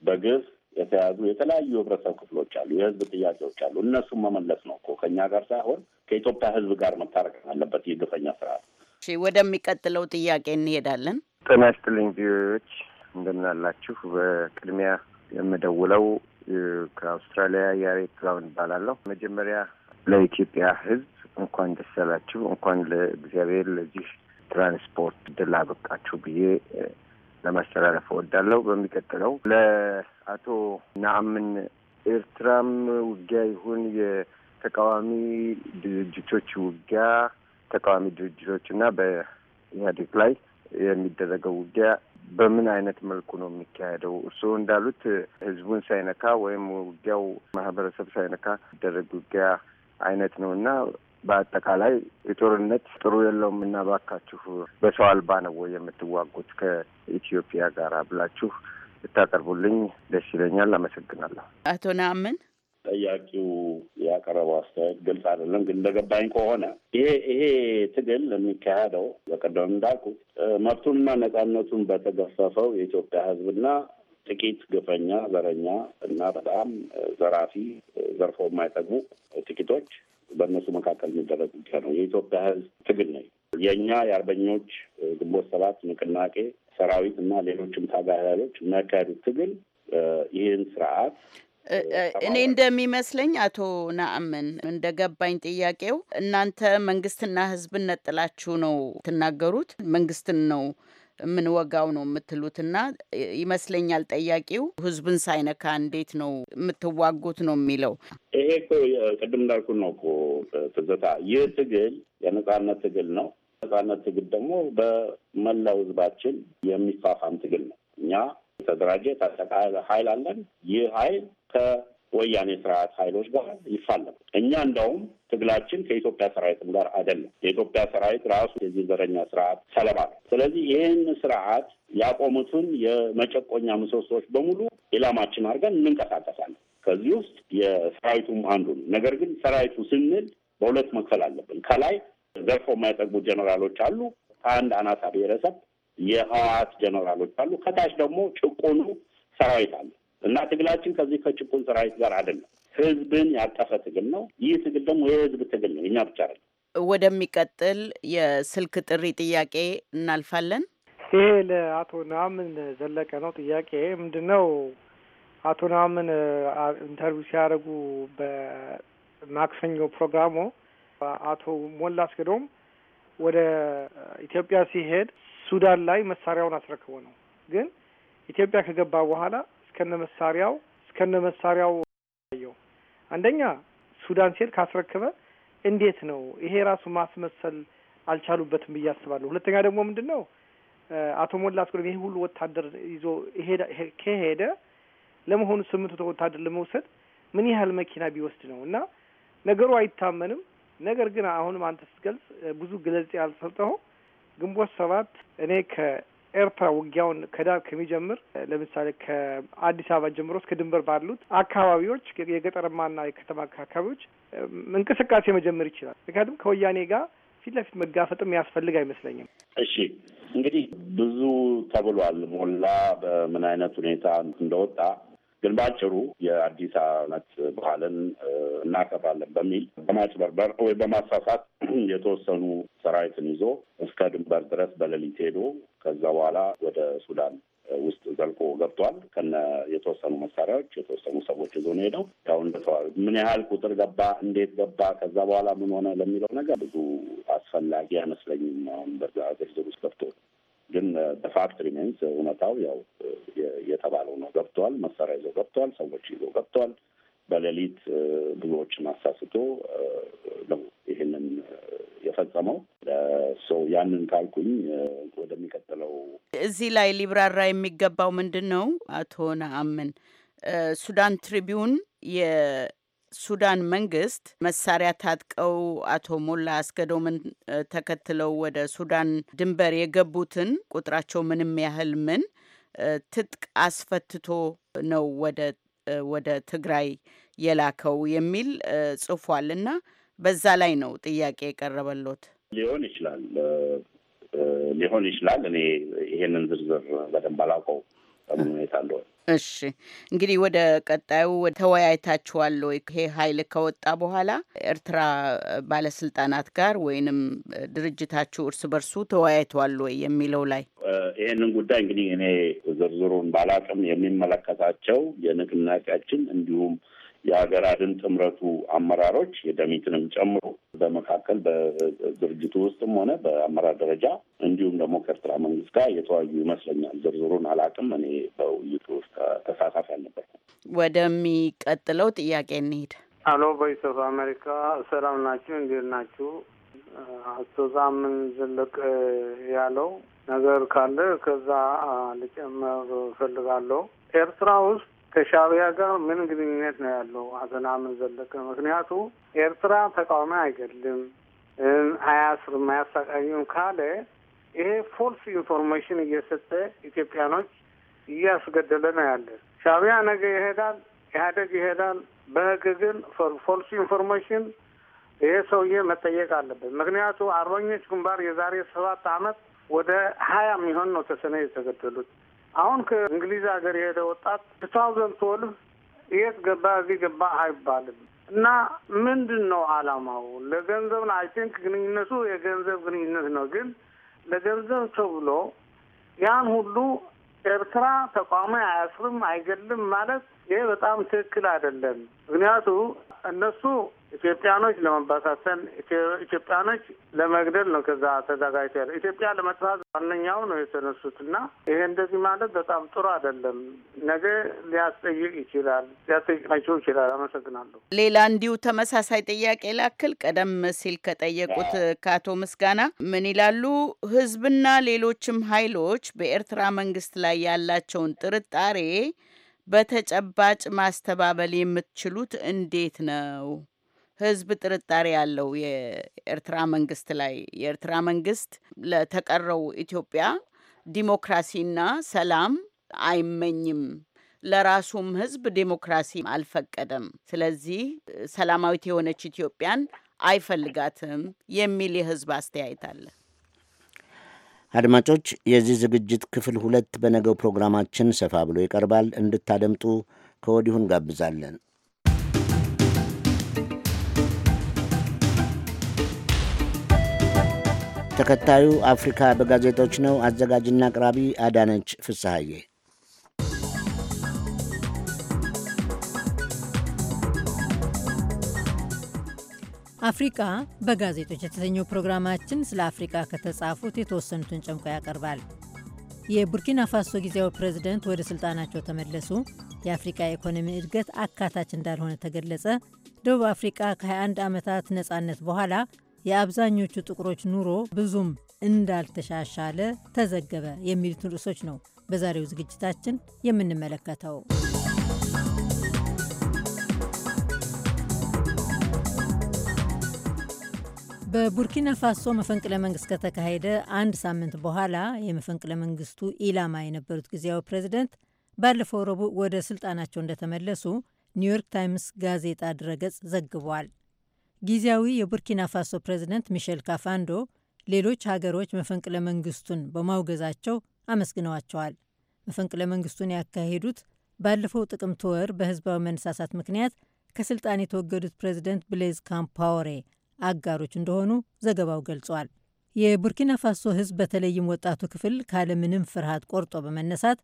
Speaker 6: በግፍ የተያዙ የተለያዩ ህብረተሰብ ክፍሎች አሉ። የህዝብ ጥያቄዎች አሉ። እነሱን መመለስ ነው እኮ ከእኛ ጋር ሳይሆን ከኢትዮጵያ ሕዝብ ጋር መታረቅ አለበት ይህ ግፈኛ ስርዓት።
Speaker 12: እሺ፣ ወደሚቀጥለው ጥያቄ እንሄዳለን።
Speaker 6: ጤና ይስጥልኝ ቪዮዎች እንደምን በቅድሚያ
Speaker 2: የምደውለው ከአውስትራሊያ ያሬት ብራውን እባላለሁ። መጀመሪያ ለኢትዮጵያ ሕዝብ እንኳን ደስ ያላችሁ፣ እንኳን ለእግዚአብሔር ለዚህ ትራንስፖርት ድል አበቃችሁ ብዬ ለማስተላለፍ እወዳለሁ። በሚቀጥለው ለአቶ ናአምን ኤርትራም ውጊያ ይሁን ተቃዋሚ ድርጅቶች ውጊያ ተቃዋሚ ድርጅቶችና በኢህአዴግ ላይ የሚደረገው ውጊያ በምን አይነት መልኩ ነው የሚካሄደው? እርስዎ እንዳሉት ህዝቡን ሳይነካ ወይም ውጊያው ማህበረሰብ ሳይነካ የሚደረግ ውጊያ አይነት ነው እና በአጠቃላይ የጦርነት ጥሩ የለውም እና ባካችሁ በሰው አልባ ነው ወይ የምትዋጉት ከኢትዮጵያ ጋር ብላችሁ ብታቀርቡልኝ ደስ
Speaker 6: ይለኛል። አመሰግናለሁ።
Speaker 12: አቶ ናምን
Speaker 6: ጠያቂው ያቀረበው አስተያየት ግልጽ አይደለም። ግን እንደገባኝ ከሆነ ይሄ ይሄ ትግል የሚካሄደው በቀደም እንዳልኩት መብቱንና ነጻነቱን በተገፈፈው የኢትዮጵያ ሕዝብና ጥቂት ግፈኛ፣ ዘረኛ እና በጣም ዘራፊ ዘርፎ የማይጠግቡ ጥቂቶች በእነሱ መካከል የሚደረግ ውጊያ ነው። የኢትዮጵያ ሕዝብ ትግል ነው። የእኛ የአርበኞች ግንቦት ሰባት ንቅናቄ ሰራዊት እና ሌሎችም ታጋዮች የሚያካሄዱት ትግል ይህን ስርዓት
Speaker 12: እኔ እንደሚመስለኝ አቶ ናአምን እንደገባኝ ጥያቄው እናንተ መንግስትና ህዝብን ነጥላችሁ ነው ትናገሩት። መንግስትን ነው የምንወጋው ነው የምትሉትና ይመስለኛል ጠያቂው ህዝብን ሳይነካ እንዴት ነው የምትዋጉት ነው የሚለው።
Speaker 6: ይሄ እኮ ቅድም እንዳልኩ ነው እኮ ትዝታ፣ ይህ ትግል የነጻነት ትግል ነው። ነጻነት ትግል ደግሞ በመላው ህዝባችን የሚፋፋም ትግል ነው። እኛ የተደራጀ የታጠቀ ኃይል አለን። ይህ ኃይል ከወያኔ ስርዓት ኃይሎች ጋር ይፋለም። እኛ እንደውም ትግላችን ከኢትዮጵያ ሰራዊትም ጋር አይደለም። የኢትዮጵያ ሰራዊት ራሱ የዚህ ዘረኛ ስርዓት ሰለባ ነው። ስለዚህ ይህን ስርዓት ያቆሙትን የመጨቆኛ ምሰሶች በሙሉ ኢላማችን አድርገን እንንቀሳቀሳለን። ከዚህ ውስጥ የሰራዊቱም አንዱ ነው። ነገር ግን ሰራዊቱ ስንል በሁለት መክፈል አለብን። ከላይ ዘርፎ የማይጠግቡ ጀኔራሎች አሉ። ከአንድ አናሳ ብሔረሰብ የህወሓት ጀነራሎች አሉ። ከታች ደግሞ ጭቁኑ ሰራዊት አለ እና ትግላችን ከዚህ ከጭቁን ሰራዊት ጋር አይደለም። ህዝብን ያቀፈ ትግል ነው። ይህ ትግል ደግሞ የህዝብ ትግል ነው። እኛ ብቻ አይደለም።
Speaker 12: ወደሚቀጥል የስልክ ጥሪ ጥያቄ እናልፋለን። ይሄ
Speaker 13: ለአቶ ናምን ዘለቀ ነው። ጥያቄ ምንድን ነው? አቶ ናምን ኢንተርቪው ሲያደርጉ በማክሰኞ ፕሮግራሙ አቶ ሞላ አስገዶም ወደ ኢትዮጵያ ሲሄድ ሱዳን ላይ መሳሪያውን አስረክቦ ነው። ግን ኢትዮጵያ ከገባ በኋላ እስከነ መሳሪያው እስከነ መሳሪያው ያየው አንደኛ ሱዳን ሲሄድ ካስረክበ እንዴት ነው ይሄ ራሱ ማስመሰል አልቻሉበትም ብዬ አስባለሁ። ሁለተኛ ደግሞ ምንድን ነው አቶ ሞላ አስቆ ይሄ ሁሉ ወታደር ይዞ ከሄደ ለመሆኑ ስምንቱ ወታደር ለመውሰድ ምን ያህል መኪና ቢወስድ ነው? እና ነገሩ አይታመንም። ነገር ግን አሁንም አንተ ስትገልጽ ብዙ ግለጽ ያልሰጠኸው ግንቦት ሰባት እኔ ከኤርትራ ውጊያውን ከዳር ከሚጀምር ለምሳሌ ከአዲስ አበባ ጀምሮ እስከ ድንበር ባሉት አካባቢዎች የገጠርማና የከተማ አካባቢዎች እንቅስቃሴ መጀመር ይችላል። ምክንያቱም ከወያኔ ጋር ፊት ለፊት መጋፈጥም ያስፈልግ አይመስለኝም።
Speaker 6: እሺ እንግዲህ ብዙ ተብሏል። ሞላ በምን አይነት ሁኔታ እንደወጣ ግን በአጭሩ የአዲስ አመት በዓልን እናከብራለን በሚል በማጭበርበር ወይ በማሳሳት [CLEARS THROAT] የተወሰኑ ሰራዊትን ይዞ እስከ ድንበር ድረስ በሌሊት ሄዶ ከዛ በኋላ ወደ ሱዳን ውስጥ ዘልቆ ገብቷል። ከነ የተወሰኑ መሳሪያዎች የተወሰኑ ሰዎች ይዞ ነው ሄደው ያው እንደተዋል። ምን ያህል ቁጥር ገባ፣ እንዴት ገባ፣ ከዛ በኋላ ምን ሆነ ለሚለው ነገር ብዙ አስፈላጊ አይመስለኝም። አሁን በዛ ዝርዝር ውስጥ ገብቶ ግን በፋክት ሪሜንስ እውነታው ያው የተባለው ነው። ገብተዋል፣ መሳሪያ ይዘው ገብተዋል፣ ሰዎች ይዘው ገብተዋል። በሌሊት ብዙዎችን አሳስቶ ነው ይህንን የፈጸመው ሰው። ያንን ካልኩኝ ወደሚቀጥለው
Speaker 12: እዚህ ላይ ሊብራራ የሚገባው ምንድን ነው? አቶ ነአምን ሱዳን ትሪቢዩን የሱዳን መንግስት መሳሪያ ታጥቀው አቶ ሞላ አስገዶምን ተከትለው ወደ ሱዳን ድንበር የገቡትን ቁጥራቸው ምንም ያህል ምን ትጥቅ አስፈትቶ ነው ወደ ወደ ትግራይ የላከው የሚል ጽፏል እና በዛ ላይ ነው ጥያቄ የቀረበሎት።
Speaker 6: ሊሆን ይችላል ሊሆን ይችላል። እኔ ይሄንን ዝርዝር በደንብ አላውቀው በምን ሁኔታ እንደሆነ።
Speaker 12: እሺ እንግዲህ ወደ ቀጣዩ ተወያይታችኋል ወይ? ይሄ ኃይል ከወጣ በኋላ ኤርትራ ባለስልጣናት ጋር ወይንም ድርጅታችሁ እርስ በርሱ ተወያይቷል ወይ የሚለው ላይ
Speaker 6: ይህንን ጉዳይ እንግዲህ እኔ ዝርዝሩን ባላቅም የሚመለከታቸው የንቅናቄያችን እንዲሁም የሀገር አድን ጥምረቱ አመራሮች የደሚትንም ጨምሮ በመካከል በድርጅቱ ውስጥም ሆነ በአመራር ደረጃ እንዲሁም ደግሞ ከኤርትራ መንግስት ጋር የተዋዩ ይመስለኛል። ዝርዝሩን አላውቅም። እኔ በውይይቱ ውስጥ ተሳታፊ አልነበርኩም።
Speaker 12: ወደሚቀጥለው ጥያቄ እንሄድ። አሎ ቮይስ ኦፍ አሜሪካ ሰላም
Speaker 11: ናችሁ? እንዴት ናችሁ? አቶ ዛምን ዝልቅ ያለው ነገር ካለ ከዛ ልጨምር ፈልጋለሁ። ኤርትራ ውስጥ ከሻቢያ ጋር ምን ግንኙነት ነው ያለው? አዘና ዘለቀ ምክንያቱ ኤርትራ ተቃዋሚ አይገድልም አያስርም፣ አያሳቃዩም ካለ ይሄ ፎልስ ኢንፎርሜሽን እየሰጠ ኢትዮጵያኖች እያስገደለ ነው ያለ። ሻቢያ ነገ ይሄዳል፣ ኢህአዴግ ይሄዳል። በህግ ግን ፎልስ ኢንፎርሜሽን ይሄ ሰውዬ መጠየቅ አለበት። ምክንያቱ አርበኞች ግንባር የዛሬ ሰባት አመት ወደ ሀያ የሚሆን ነው ተሰነ የተገደሉት አሁን ከእንግሊዝ ሀገር የሄደ ወጣት ቱ ታውዘንድ ትወልቭ የት ገባ እዚህ ገባ አይባልም። እና ምንድን ነው አላማው? ለገንዘብ ነው። አይ ቲንክ ግንኙነቱ የገንዘብ ግንኙነት ነው። ግን ለገንዘብ ተብሎ ያን ሁሉ ኤርትራ ተቋማዊ አያስርም አይገልም ማለት ይሄ በጣም ትክክል አይደለም። ምክንያቱ እነሱ ኢትዮጵያኖች ለመባሳሰን ኢትዮጵያኖች ለመግደል ነው ከዛ ተዘጋጅቶ ያለ ኢትዮጵያ ለመጥፋት ዋነኛው ነው የተነሱት እና ይሄ እንደዚህ ማለት በጣም ጥሩ አይደለም። ነገ ሊያስጠይቅ ይችላል፣ ሊያስጠይቃቸው ይችላል። አመሰግናለሁ።
Speaker 12: ሌላ እንዲሁ ተመሳሳይ ጥያቄ ላክል። ቀደም ሲል ከጠየቁት ከአቶ ምስጋና ምን ይላሉ? ህዝብና ሌሎችም ሀይሎች በኤርትራ መንግስት ላይ ያላቸውን ጥርጣሬ በተጨባጭ ማስተባበል የምትችሉት እንዴት ነው? ህዝብ ጥርጣሬ ያለው የኤርትራ መንግስት ላይ የኤርትራ መንግስት ለተቀረው ኢትዮጵያ ዲሞክራሲና ሰላም አይመኝም፣ ለራሱም ህዝብ ዲሞክራሲ አልፈቀደም። ስለዚህ ሰላማዊት የሆነች ኢትዮጵያን አይፈልጋትም የሚል የህዝብ አስተያየት አለ።
Speaker 4: አድማጮች፣ የዚህ ዝግጅት ክፍል ሁለት በነገው ፕሮግራማችን ሰፋ ብሎ ይቀርባል። እንድታደምጡ ከወዲሁ እንጋብዛለን። ተከታዩ አፍሪካ በጋዜጦች ነው። አዘጋጅና አቅራቢ አዳነች ፍስሐዬ
Speaker 5: አፍሪቃ በጋዜጦች የተሰኘው ፕሮግራማችን ስለ አፍሪቃ ከተጻፉት የተወሰኑትን ጨምቆ ያቀርባል። የቡርኪና ፋሶ ጊዜያዊ ፕሬዝደንት ወደ ስልጣናቸው ተመለሱ፣ የአፍሪቃ ኢኮኖሚ እድገት አካታች እንዳልሆነ ተገለጸ፣ ደቡብ አፍሪቃ ከ21 ዓመታት ነፃነት በኋላ የአብዛኞቹ ጥቁሮች ኑሮ ብዙም እንዳልተሻሻለ ተዘገበ፣ የሚሉትን ርዕሶች ነው በዛሬው ዝግጅታችን የምንመለከተው። በቡርኪና ፋሶ መፈንቅለ መንግስት ከተካሄደ አንድ ሳምንት በኋላ የመፈንቅለ መንግስቱ ኢላማ የነበሩት ጊዜያዊ ፕሬዚደንት ባለፈው ረቡዕ ወደ ስልጣናቸው እንደተመለሱ ኒውዮርክ ታይምስ ጋዜጣ ድረገጽ ዘግቧል። ጊዜያዊ የቡርኪና ፋሶ ፕሬዚደንት ሚሼል ካፋንዶ ሌሎች ሀገሮች መፈንቅለ መንግስቱን በማውገዛቸው አመስግነዋቸዋል። መፈንቅለ መንግስቱን ያካሄዱት ባለፈው ጥቅምት ወር በህዝባዊ መነሳሳት ምክንያት ከስልጣን የተወገዱት ፕሬዚደንት ብሌዝ ካምፓወሬ አጋሮች እንደሆኑ ዘገባው ገልጿል። የቡርኪና ፋሶ ህዝብ በተለይም ወጣቱ ክፍል ካለምንም ፍርሃት ቆርጦ በመነሳት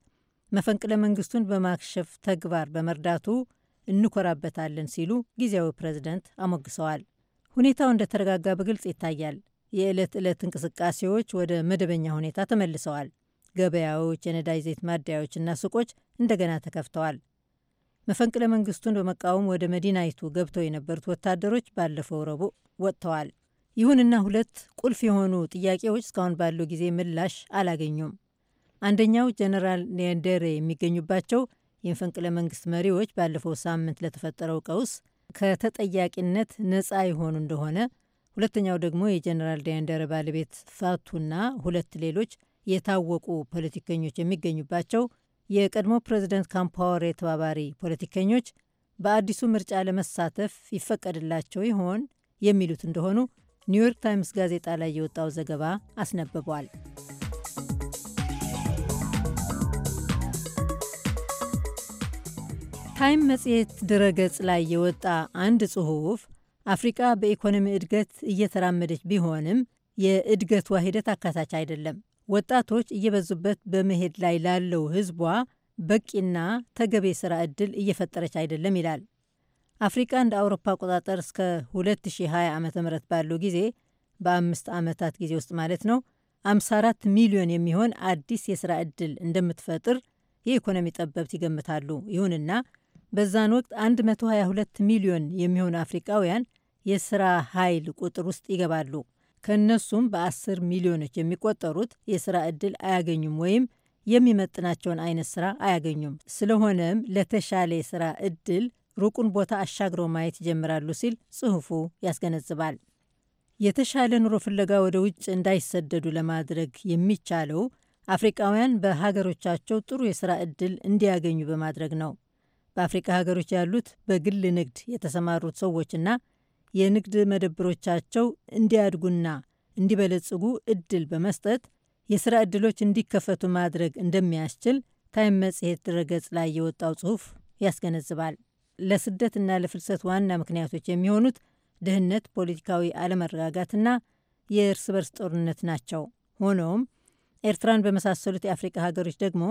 Speaker 5: መፈንቅለ መንግስቱን በማክሸፍ ተግባር በመርዳቱ እንኮራበታለን ሲሉ ጊዜያዊ ፕሬዝደንት አሞግሰዋል። ሁኔታው እንደተረጋጋ በግልጽ ይታያል። የዕለት ዕለት እንቅስቃሴዎች ወደ መደበኛ ሁኔታ ተመልሰዋል። ገበያዎች፣ የነዳጅ ዘይት ማደያዎችና ሱቆች እንደገና ተከፍተዋል። መፈንቅለ መንግስቱን በመቃወም ወደ መዲናይቱ ገብተው የነበሩት ወታደሮች ባለፈው ረቡዕ ወጥተዋል። ይሁንና ሁለት ቁልፍ የሆኑ ጥያቄዎች እስካሁን ባለው ጊዜ ምላሽ አላገኙም። አንደኛው ጀነራል ኔንደሬ የሚገኙባቸው የመፈንቅለ መንግስት መሪዎች ባለፈው ሳምንት ለተፈጠረው ቀውስ ከተጠያቂነት ነጻ የሆኑ እንደሆነ፣ ሁለተኛው ደግሞ የጀነራል ዴንደረ ባለቤት ፋቱና ሁለት ሌሎች የታወቁ ፖለቲከኞች የሚገኙባቸው የቀድሞ ፕሬዚደንት ካምፓወሬ ተባባሪ ፖለቲከኞች በአዲሱ ምርጫ ለመሳተፍ ይፈቀድላቸው ይሆን የሚሉት እንደሆኑ ኒውዮርክ ታይምስ ጋዜጣ ላይ የወጣው ዘገባ አስነብቧል። ታይም መጽሔት ድረገጽ ላይ የወጣ አንድ ጽሑፍ አፍሪቃ በኢኮኖሚ እድገት እየተራመደች ቢሆንም የእድገቷ ሂደት አካታች አይደለም ወጣቶች እየበዙበት በመሄድ ላይ ላለው ህዝቧ በቂና ተገቢ የሥራ ዕድል እየፈጠረች አይደለም ይላል። አፍሪቃ እንደ አውሮፓ አቆጣጠር እስከ 2020 ዓ ም ባለው ጊዜ በአምስት ዓመታት ጊዜ ውስጥ ማለት ነው 54 ሚሊዮን የሚሆን አዲስ የሥራ ዕድል እንደምትፈጥር የኢኮኖሚ ጠበብት ይገምታሉ። ይሁንና በዛን ወቅት 122 ሚሊዮን የሚሆኑ አፍሪቃውያን የሥራ ኃይል ቁጥር ውስጥ ይገባሉ። ከእነሱም በአስር ሚሊዮኖች የሚቆጠሩት የስራ ዕድል አያገኙም ወይም የሚመጥናቸውን አይነት ስራ አያገኙም። ስለሆነም ለተሻለ የስራ ዕድል ሩቁን ቦታ አሻግረው ማየት ይጀምራሉ ሲል ጽሑፉ ያስገነዝባል። የተሻለ ኑሮ ፍለጋ ወደ ውጭ እንዳይሰደዱ ለማድረግ የሚቻለው አፍሪቃውያን በሀገሮቻቸው ጥሩ የሥራ ዕድል እንዲያገኙ በማድረግ ነው። በአፍሪካ ሀገሮች ያሉት በግል ንግድ የተሰማሩት ሰዎችና የንግድ መደብሮቻቸው እንዲያድጉና እንዲበለጽጉ እድል በመስጠት የሥራ ዕድሎች እንዲከፈቱ ማድረግ እንደሚያስችል ታይም መጽሔት ድረገጽ ላይ የወጣው ጽሑፍ ያስገነዝባል። ለስደትና ለፍልሰት ዋና ምክንያቶች የሚሆኑት ድህነት፣ ፖለቲካዊ አለመረጋጋትና የእርስ በርስ ጦርነት ናቸው። ሆኖም ኤርትራን በመሳሰሉት የአፍሪቃ ሀገሮች ደግሞ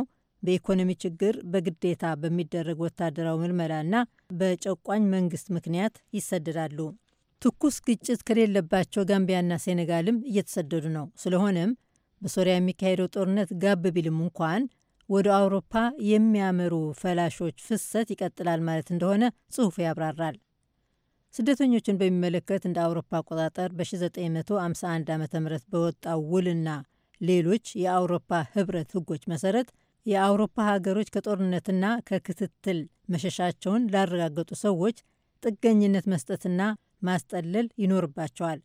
Speaker 5: በኢኮኖሚ ችግር በግዴታ በሚደረግ ወታደራዊ ምልመላና በጨቋኝ መንግስት ምክንያት ይሰደዳሉ። ትኩስ ግጭት ከሌለባቸው ጋምቢያና ሴኔጋልም እየተሰደዱ ነው። ስለሆነም በሶሪያ የሚካሄደው ጦርነት ጋብ ቢልም እንኳን ወደ አውሮፓ የሚያመሩ ፈላሾች ፍሰት ይቀጥላል ማለት እንደሆነ ጽሑፉ ያብራራል። ስደተኞችን በሚመለከት እንደ አውሮፓ አቆጣጠር በ1951 ዓ ም በወጣው ውልና ሌሎች የአውሮፓ ህብረት ህጎች መሰረት የአውሮፓ ሀገሮች ከጦርነትና ከክትትል መሸሻቸውን ላረጋገጡ ሰዎች ጥገኝነት መስጠትና ማስጠለል ይኖርባቸዋል።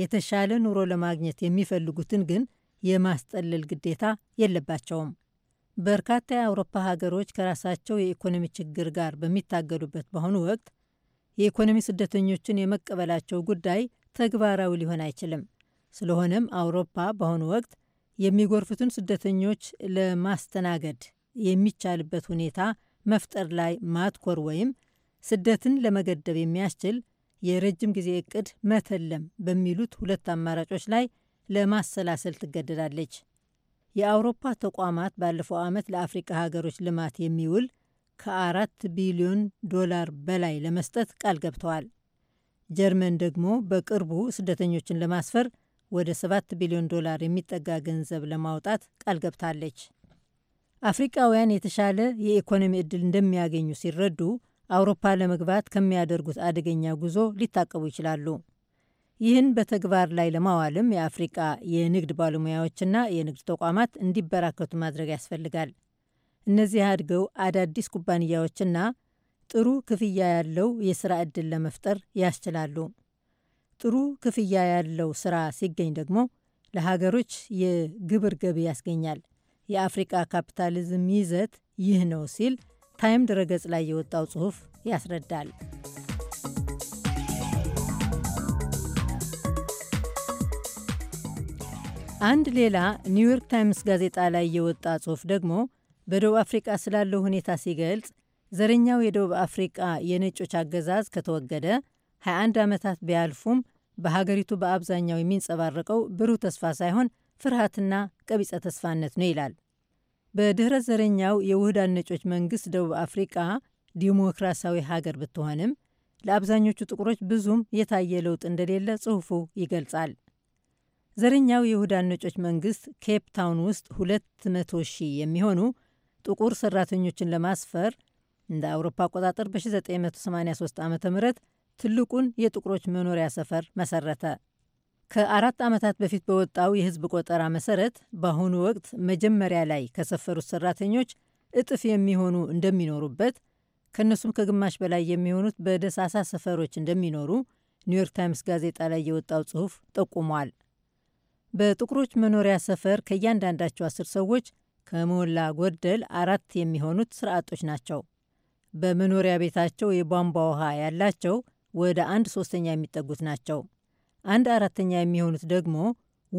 Speaker 5: የተሻለ ኑሮ ለማግኘት የሚፈልጉትን ግን የማስጠለል ግዴታ የለባቸውም። በርካታ የአውሮፓ ሀገሮች ከራሳቸው የኢኮኖሚ ችግር ጋር በሚታገዱበት በአሁኑ ወቅት የኢኮኖሚ ስደተኞችን የመቀበላቸው ጉዳይ ተግባራዊ ሊሆን አይችልም። ስለሆነም አውሮፓ በአሁኑ ወቅት የሚጎርፉትን ስደተኞች ለማስተናገድ የሚቻልበት ሁኔታ መፍጠር ላይ ማትኮር ወይም ስደትን ለመገደብ የሚያስችል የረጅም ጊዜ እቅድ መተለም በሚሉት ሁለት አማራጮች ላይ ለማሰላሰል ትገደዳለች። የአውሮፓ ተቋማት ባለፈው ዓመት ለአፍሪካ ሀገሮች ልማት የሚውል ከአራት ቢሊዮን ዶላር በላይ ለመስጠት ቃል ገብተዋል። ጀርመን ደግሞ በቅርቡ ስደተኞችን ለማስፈር ወደ ሰባት ቢሊዮን ዶላር የሚጠጋ ገንዘብ ለማውጣት ቃል ገብታለች። አፍሪቃውያን የተሻለ የኢኮኖሚ ዕድል እንደሚያገኙ ሲረዱ አውሮፓ ለመግባት ከሚያደርጉት አደገኛ ጉዞ ሊታቀቡ ይችላሉ። ይህን በተግባር ላይ ለማዋልም የአፍሪቃ የንግድ ባለሙያዎችና የንግድ ተቋማት እንዲበራከቱ ማድረግ ያስፈልጋል። እነዚህ አድገው አዳዲስ ኩባንያዎችና ጥሩ ክፍያ ያለው የስራ ዕድል ለመፍጠር ያስችላሉ። ጥሩ ክፍያ ያለው ስራ ሲገኝ ደግሞ ለሀገሮች የግብር ገቢ ያስገኛል። የአፍሪቃ ካፒታሊዝም ይዘት ይህ ነው ሲል ታይም ድረገጽ ላይ የወጣው ጽሑፍ ያስረዳል። አንድ ሌላ ኒውዮርክ ታይምስ ጋዜጣ ላይ የወጣ ጽሑፍ ደግሞ በደቡብ አፍሪቃ ስላለው ሁኔታ ሲገልጽ ዘረኛው የደቡብ አፍሪቃ የነጮች አገዛዝ ከተወገደ 21 ዓመታት ቢያልፉም በሀገሪቱ በአብዛኛው የሚንጸባረቀው ብሩህ ተስፋ ሳይሆን ፍርሃትና ቀቢጸ ተስፋነት ነው ይላል። በድኅረ ዘረኛው የውህዳን ነጮች መንግስት ደቡብ አፍሪቃ ዲሞክራሲያዊ ሀገር ብትሆንም ለአብዛኞቹ ጥቁሮች ብዙም የታየ ለውጥ እንደሌለ ጽሑፉ ይገልጻል። ዘረኛው የውህዳን ነጮች መንግስት ኬፕ ታውን ውስጥ 200 ሺህ የሚሆኑ ጥቁር ሰራተኞችን ለማስፈር እንደ አውሮፓ አቆጣጠር በ1983 ዓ ም ትልቁን የጥቁሮች መኖሪያ ሰፈር መሰረተ። ከአራት ዓመታት በፊት በወጣው የህዝብ ቆጠራ መሰረት በአሁኑ ወቅት መጀመሪያ ላይ ከሰፈሩት ሰራተኞች እጥፍ የሚሆኑ እንደሚኖሩበት ከእነሱም ከግማሽ በላይ የሚሆኑት በደሳሳ ሰፈሮች እንደሚኖሩ ኒውዮርክ ታይምስ ጋዜጣ ላይ የወጣው ጽሑፍ ጠቁሟል። በጥቁሮች መኖሪያ ሰፈር ከእያንዳንዳቸው አስር ሰዎች ከሞላ ጎደል አራት የሚሆኑት ስራ አጦች ናቸው። በመኖሪያ ቤታቸው የቧንቧ ውሃ ያላቸው ወደ አንድ ሶስተኛ የሚጠጉት ናቸው። አንድ አራተኛ የሚሆኑት ደግሞ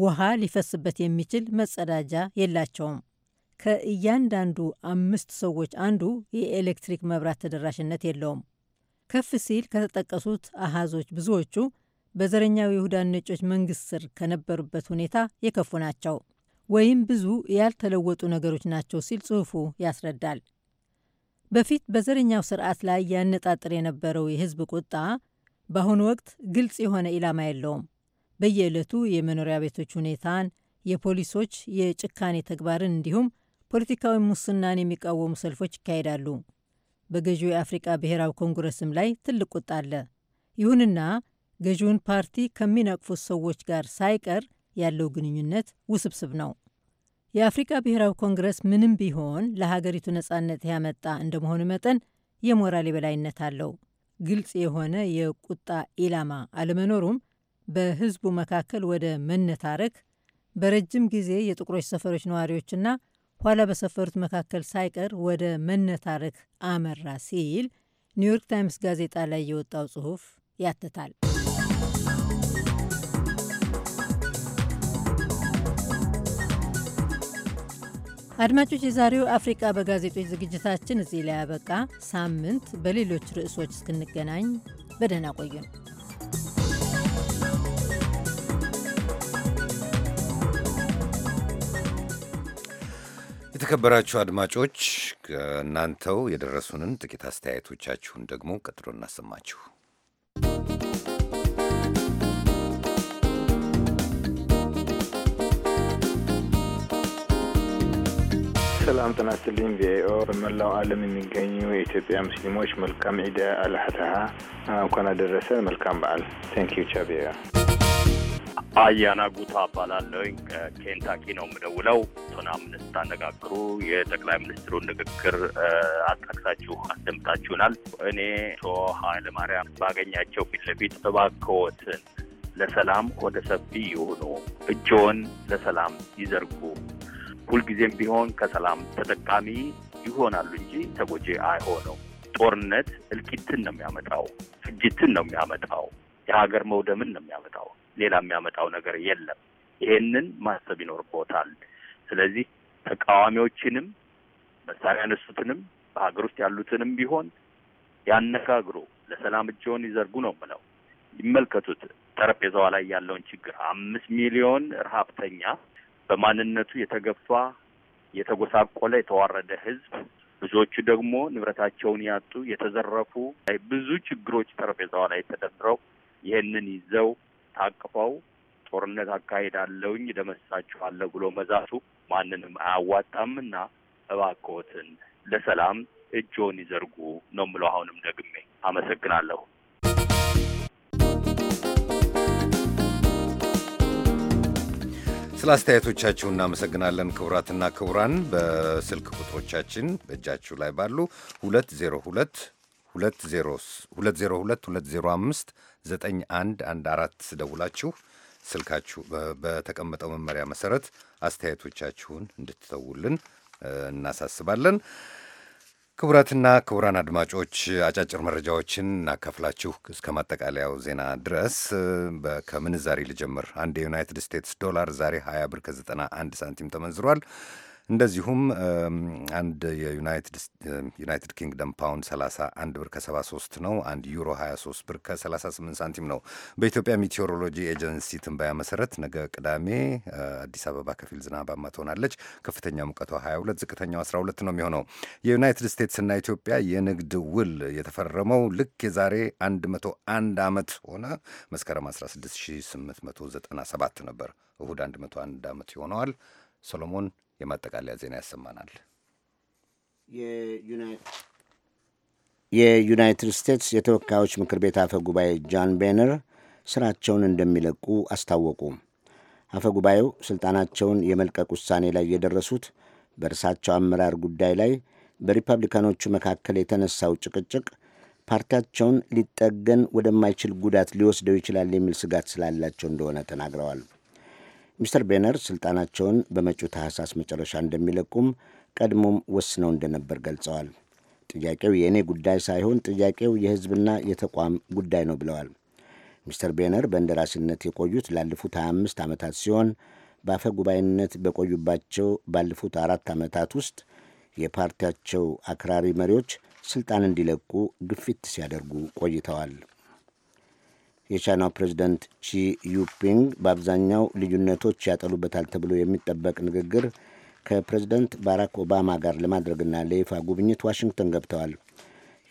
Speaker 5: ውሃ ሊፈስበት የሚችል መጸዳጃ የላቸውም። ከእያንዳንዱ አምስት ሰዎች አንዱ የኤሌክትሪክ መብራት ተደራሽነት የለውም። ከፍ ሲል ከተጠቀሱት አሃዞች ብዙዎቹ በዘረኛው ይሁዳን ነጮች መንግስት ስር ከነበሩበት ሁኔታ የከፉ ናቸው ወይም ብዙ ያልተለወጡ ነገሮች ናቸው ሲል ጽሑፉ ያስረዳል። በፊት በዘረኛው ስርዓት ላይ ያነጣጥር የነበረው የህዝብ ቁጣ በአሁኑ ወቅት ግልጽ የሆነ ኢላማ የለውም። በየዕለቱ የመኖሪያ ቤቶች ሁኔታን፣ የፖሊሶች የጭካኔ ተግባርን እንዲሁም ፖለቲካዊ ሙስናን የሚቃወሙ ሰልፎች ይካሄዳሉ። በገዢው የአፍሪቃ ብሔራዊ ኮንግረስም ላይ ትልቅ ቁጣ አለ። ይሁንና ገዢውን ፓርቲ ከሚነቅፉት ሰዎች ጋር ሳይቀር ያለው ግንኙነት ውስብስብ ነው። የአፍሪቃ ብሔራዊ ኮንግረስ ምንም ቢሆን ለሀገሪቱ ነጻነት ያመጣ እንደመሆኑ መጠን የሞራል የበላይነት አለው። ግልጽ የሆነ የቁጣ ኢላማ አለመኖሩም በህዝቡ መካከል ወደ መነታረክ በረጅም ጊዜ የጥቁሮች ሰፈሮች ነዋሪዎችና ኋላ በሰፈሩት መካከል ሳይቀር ወደ መነታረክ አመራ ሲል ኒውዮርክ ታይምስ ጋዜጣ ላይ የወጣው ጽሑፍ ያትታል። አድማጮች፣ የዛሬው አፍሪቃ በጋዜጦች ዝግጅታችን እዚህ ላይ ያበቃ። ሳምንት በሌሎች ርዕሶች እስክንገናኝ በደህና ቆዩን።
Speaker 1: የተከበራችሁ አድማጮች እናንተው የደረሱንን ጥቂት አስተያየቶቻችሁን ደግሞ ቀጥሎ እናሰማችሁ።
Speaker 2: ሰላም ጤና ይስጥልኝ። ቪኦኤ በመላው ዓለም የሚገኙ የኢትዮጵያ ሙስሊሞች መልካም ዒደ አልሓታሀ እንኳን አደረሰ። መልካም በዓል። ታንኪዩ ቻቪያ
Speaker 6: አያና ጉታ እባላለሁኝ። ከኬንታኪ ነው የምደውለው። ቶና ምንስ ታነጋግሩ የጠቅላይ ሚኒስትሩን ንግግር አጣቅሳችሁ አስደምጣችሁናል። እኔ ቶ ኃይለ ማርያም ባገኛቸው ፊት ለፊት እባክዎትን ለሰላም ወደ ሰፊ ይሁኑ፣ እጅዎን ለሰላም ይዘርጉ ሁልጊዜም ቢሆን ከሰላም ተጠቃሚ ይሆናሉ እንጂ ተጎጂ አይሆነው። ጦርነት እልቂትን ነው የሚያመጣው፣ ፍጅትን ነው የሚያመጣው፣ የሀገር መውደምን ነው የሚያመጣው። ሌላ የሚያመጣው ነገር የለም። ይሄንን ማሰብ ይኖርቦታል። ስለዚህ ተቃዋሚዎችንም መሳሪያ ያነሱትንም በሀገር ውስጥ ያሉትንም ቢሆን ያነጋግሩ፣ ለሰላም እጅዎን ይዘርጉ ነው ምለው። ይመልከቱት ጠረጴዛዋ ላይ ያለውን ችግር አምስት ሚሊዮን ረሀብተኛ በማንነቱ የተገፋ የተጎሳቆለ የተዋረደ ህዝብ ብዙዎቹ ደግሞ ንብረታቸውን ያጡ፣ የተዘረፉ ብዙ ችግሮች ጠረጴዛዋ ላይ ተደርድረው ይህንን ይዘው ታቅፈው ጦርነት አካሄዳለውኝ ደመሳችኋለሁ ብሎ መዛቱ ማንንም አያዋጣምና እባክዎትን ለሰላም እጆን ይዘርጉ ነው የምለው። አሁንም ደግሜ አመሰግናለሁ።
Speaker 1: ስለ አስተያየቶቻችሁ እናመሰግናለን። ክቡራትና ክቡራን በስልክ ቁጥሮቻችን በእጃችሁ ላይ ባሉ 202 ደውላችሁ ስልካችሁ በተቀመጠው መመሪያ መሰረት አስተያየቶቻችሁን እንድትተውልን እናሳስባለን። ክቡራትና ክቡራን አድማጮች አጫጭር መረጃዎችን እናካፍላችሁ እስከ ማጠቃለያው ዜና ድረስ። ከምንዛሪ ልጀምር። አንድ የዩናይትድ ስቴትስ ዶላር ዛሬ 20 ብር ከ91 ሳንቲም ተመንዝሯል። እንደዚሁም አንድ የዩናይትድ ኪንግደም ፓውንድ 31 ብር ከ73 ነው። አንድ ዩሮ 23 ብር ከ38 ሳንቲም ነው። በኢትዮጵያ ሜቴዎሮሎጂ ኤጀንሲ ትንበያ መሰረት ነገ ቅዳሜ አዲስ አበባ ከፊል ዝናባማ ትሆናለች። ከፍተኛ ሙቀቷ 22፣ ዝቅተኛው 12 ነው የሚሆነው። የዩናይትድ ስቴትስ ና ኢትዮጵያ የንግድ ውል የተፈረመው ልክ የዛሬ 101 ዓመት ሆነ። መስከረም 16897 ነበር። እሁድ 101 ዓመት ይሆነዋል። ሰሎሞን የማጠቃለያ ዜና ያሰማናል።
Speaker 4: የዩናይትድ ስቴትስ የተወካዮች ምክር ቤት አፈ ጉባኤ ጃን ቤነር ስራቸውን እንደሚለቁ አስታወቁ። አፈ ጉባኤው ስልጣናቸውን የመልቀቅ ውሳኔ ላይ የደረሱት በእርሳቸው አመራር ጉዳይ ላይ በሪፐብሊካኖቹ መካከል የተነሳው ጭቅጭቅ ፓርቲያቸውን ሊጠገን ወደማይችል ጉዳት ሊወስደው ይችላል የሚል ስጋት ስላላቸው እንደሆነ ተናግረዋል። ሚስተር ቤነር ስልጣናቸውን በመጪው ታህሳስ መጨረሻ እንደሚለቁም ቀድሞም ወስነው እንደነበር ገልጸዋል። ጥያቄው የእኔ ጉዳይ ሳይሆን ጥያቄው የሕዝብና የተቋም ጉዳይ ነው ብለዋል። ሚስተር ቤነር በእንደራሲነት የቆዩት ላለፉት 25 ዓመታት ሲሆን በአፈ ጉባኤነት በቆዩባቸው ባለፉት አራት ዓመታት ውስጥ የፓርቲያቸው አክራሪ መሪዎች ስልጣን እንዲለቁ ግፊት ሲያደርጉ ቆይተዋል። የቻይናው ፕሬዚደንት ቺ ዩፒንግ በአብዛኛው ልዩነቶች ያጠሉበታል ተብሎ የሚጠበቅ ንግግር ከፕሬዚደንት ባራክ ኦባማ ጋር ለማድረግና ለይፋ ጉብኝት ዋሽንግተን ገብተዋል።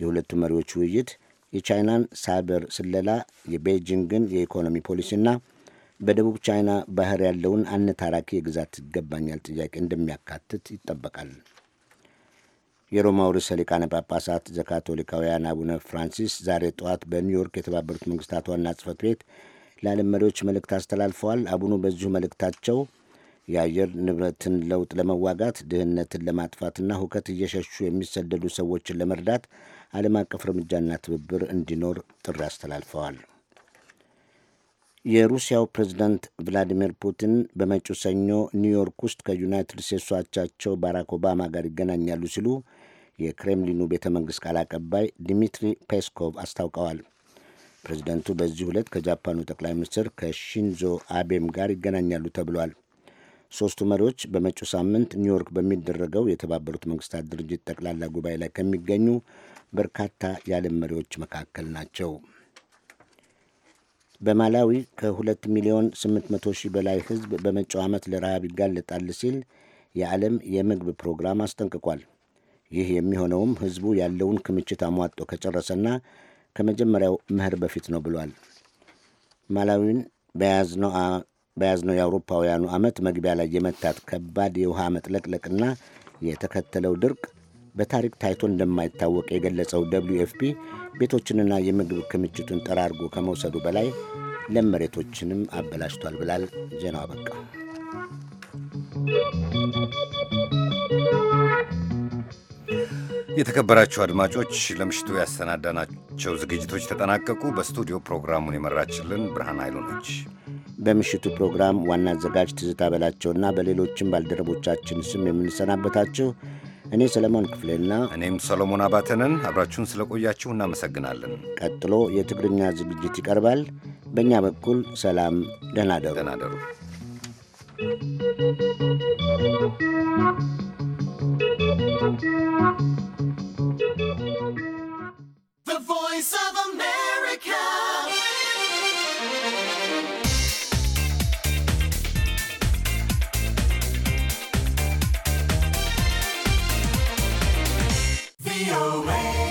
Speaker 4: የሁለቱ መሪዎች ውይይት የቻይናን ሳይበር ስለላ፣ የቤጂንግን የኢኮኖሚ ፖሊሲና በደቡብ ቻይና ባህር ያለውን አነታራኪ የግዛት ይገባኛል ጥያቄ እንደሚያካትት ይጠበቃል። የሮማው ርዕሰ ሊቃነ ጳጳሳት ዘካቶሊካውያን አቡነ ፍራንሲስ ዛሬ ጠዋት በኒውዮርክ የተባበሩት መንግስታት ዋና ጽህፈት ቤት ለዓለም መሪዎች መልእክት አስተላልፈዋል። አቡኑ በዚሁ መልእክታቸው የአየር ንብረትን ለውጥ ለመዋጋት ድህነትን ለማጥፋትና ሁከት እየሸሹ የሚሰደዱ ሰዎችን ለመርዳት ዓለም አቀፍ እርምጃና ትብብር እንዲኖር ጥሪ አስተላልፈዋል። የሩሲያው ፕሬዚዳንት ቭላዲሚር ፑቲን በመጪው ሰኞ ኒውዮርክ ውስጥ ከዩናይትድ ስቴትስ አቻቸው ባራክ ኦባማ ጋር ይገናኛሉ ሲሉ የክሬምሊኑ ቤተ መንግሥት ቃል አቀባይ ዲሚትሪ ፔስኮቭ አስታውቀዋል። ፕሬዝደንቱ በዚህ ሁለት ከጃፓኑ ጠቅላይ ሚኒስትር ከሺንዞ አቤም ጋር ይገናኛሉ ተብሏል። ሦስቱ መሪዎች በመጪው ሳምንት ኒውዮርክ በሚደረገው የተባበሩት መንግስታት ድርጅት ጠቅላላ ጉባኤ ላይ ከሚገኙ በርካታ የዓለም መሪዎች መካከል ናቸው። በማላዊ ከ2 ሚሊዮን 800 ሺህ በላይ ህዝብ በመጪው ዓመት ለረሃብ ይጋለጣል ሲል የዓለም የምግብ ፕሮግራም አስጠንቅቋል። ይህ የሚሆነውም ሕዝቡ ያለውን ክምችት አሟጦ ከጨረሰና ከመጀመሪያው መኸር በፊት ነው ብሏል። ማላዊን በያዝነው የአውሮፓውያኑ ዓመት መግቢያ ላይ የመታት ከባድ የውሃ መጥለቅለቅና የተከተለው ድርቅ በታሪክ ታይቶ እንደማይታወቅ የገለጸው ደብሊው ኤፍፒ ቤቶችንና የምግብ ክምችቱን ጠራርጎ ከመውሰዱ በላይ ለም መሬቶችንም
Speaker 1: አበላሽቷል ብላል። ዜናው አበቃ። የተከበራችሁ አድማጮች ለምሽቱ ያሰናዳናቸው ዝግጅቶች ተጠናቀቁ። በስቱዲዮ ፕሮግራሙን የመራችልን ብርሃን ኃይሉ ነች።
Speaker 4: በምሽቱ ፕሮግራም ዋና አዘጋጅ ትዝታ በላቸውና በሌሎችም ባልደረቦቻችን ስም የምንሰናበታችሁ እኔ ሰለሞን ክፍሌና እኔም ሰሎሞን
Speaker 1: አባተንን አብራችሁን ስለቆያችሁ
Speaker 4: እናመሰግናለን። ቀጥሎ የትግርኛ ዝግጅት ይቀርባል። በእኛ በኩል ሰላም፣ ደህና ደሩ። ደህና ደሩ።
Speaker 9: The Voice of America VOA.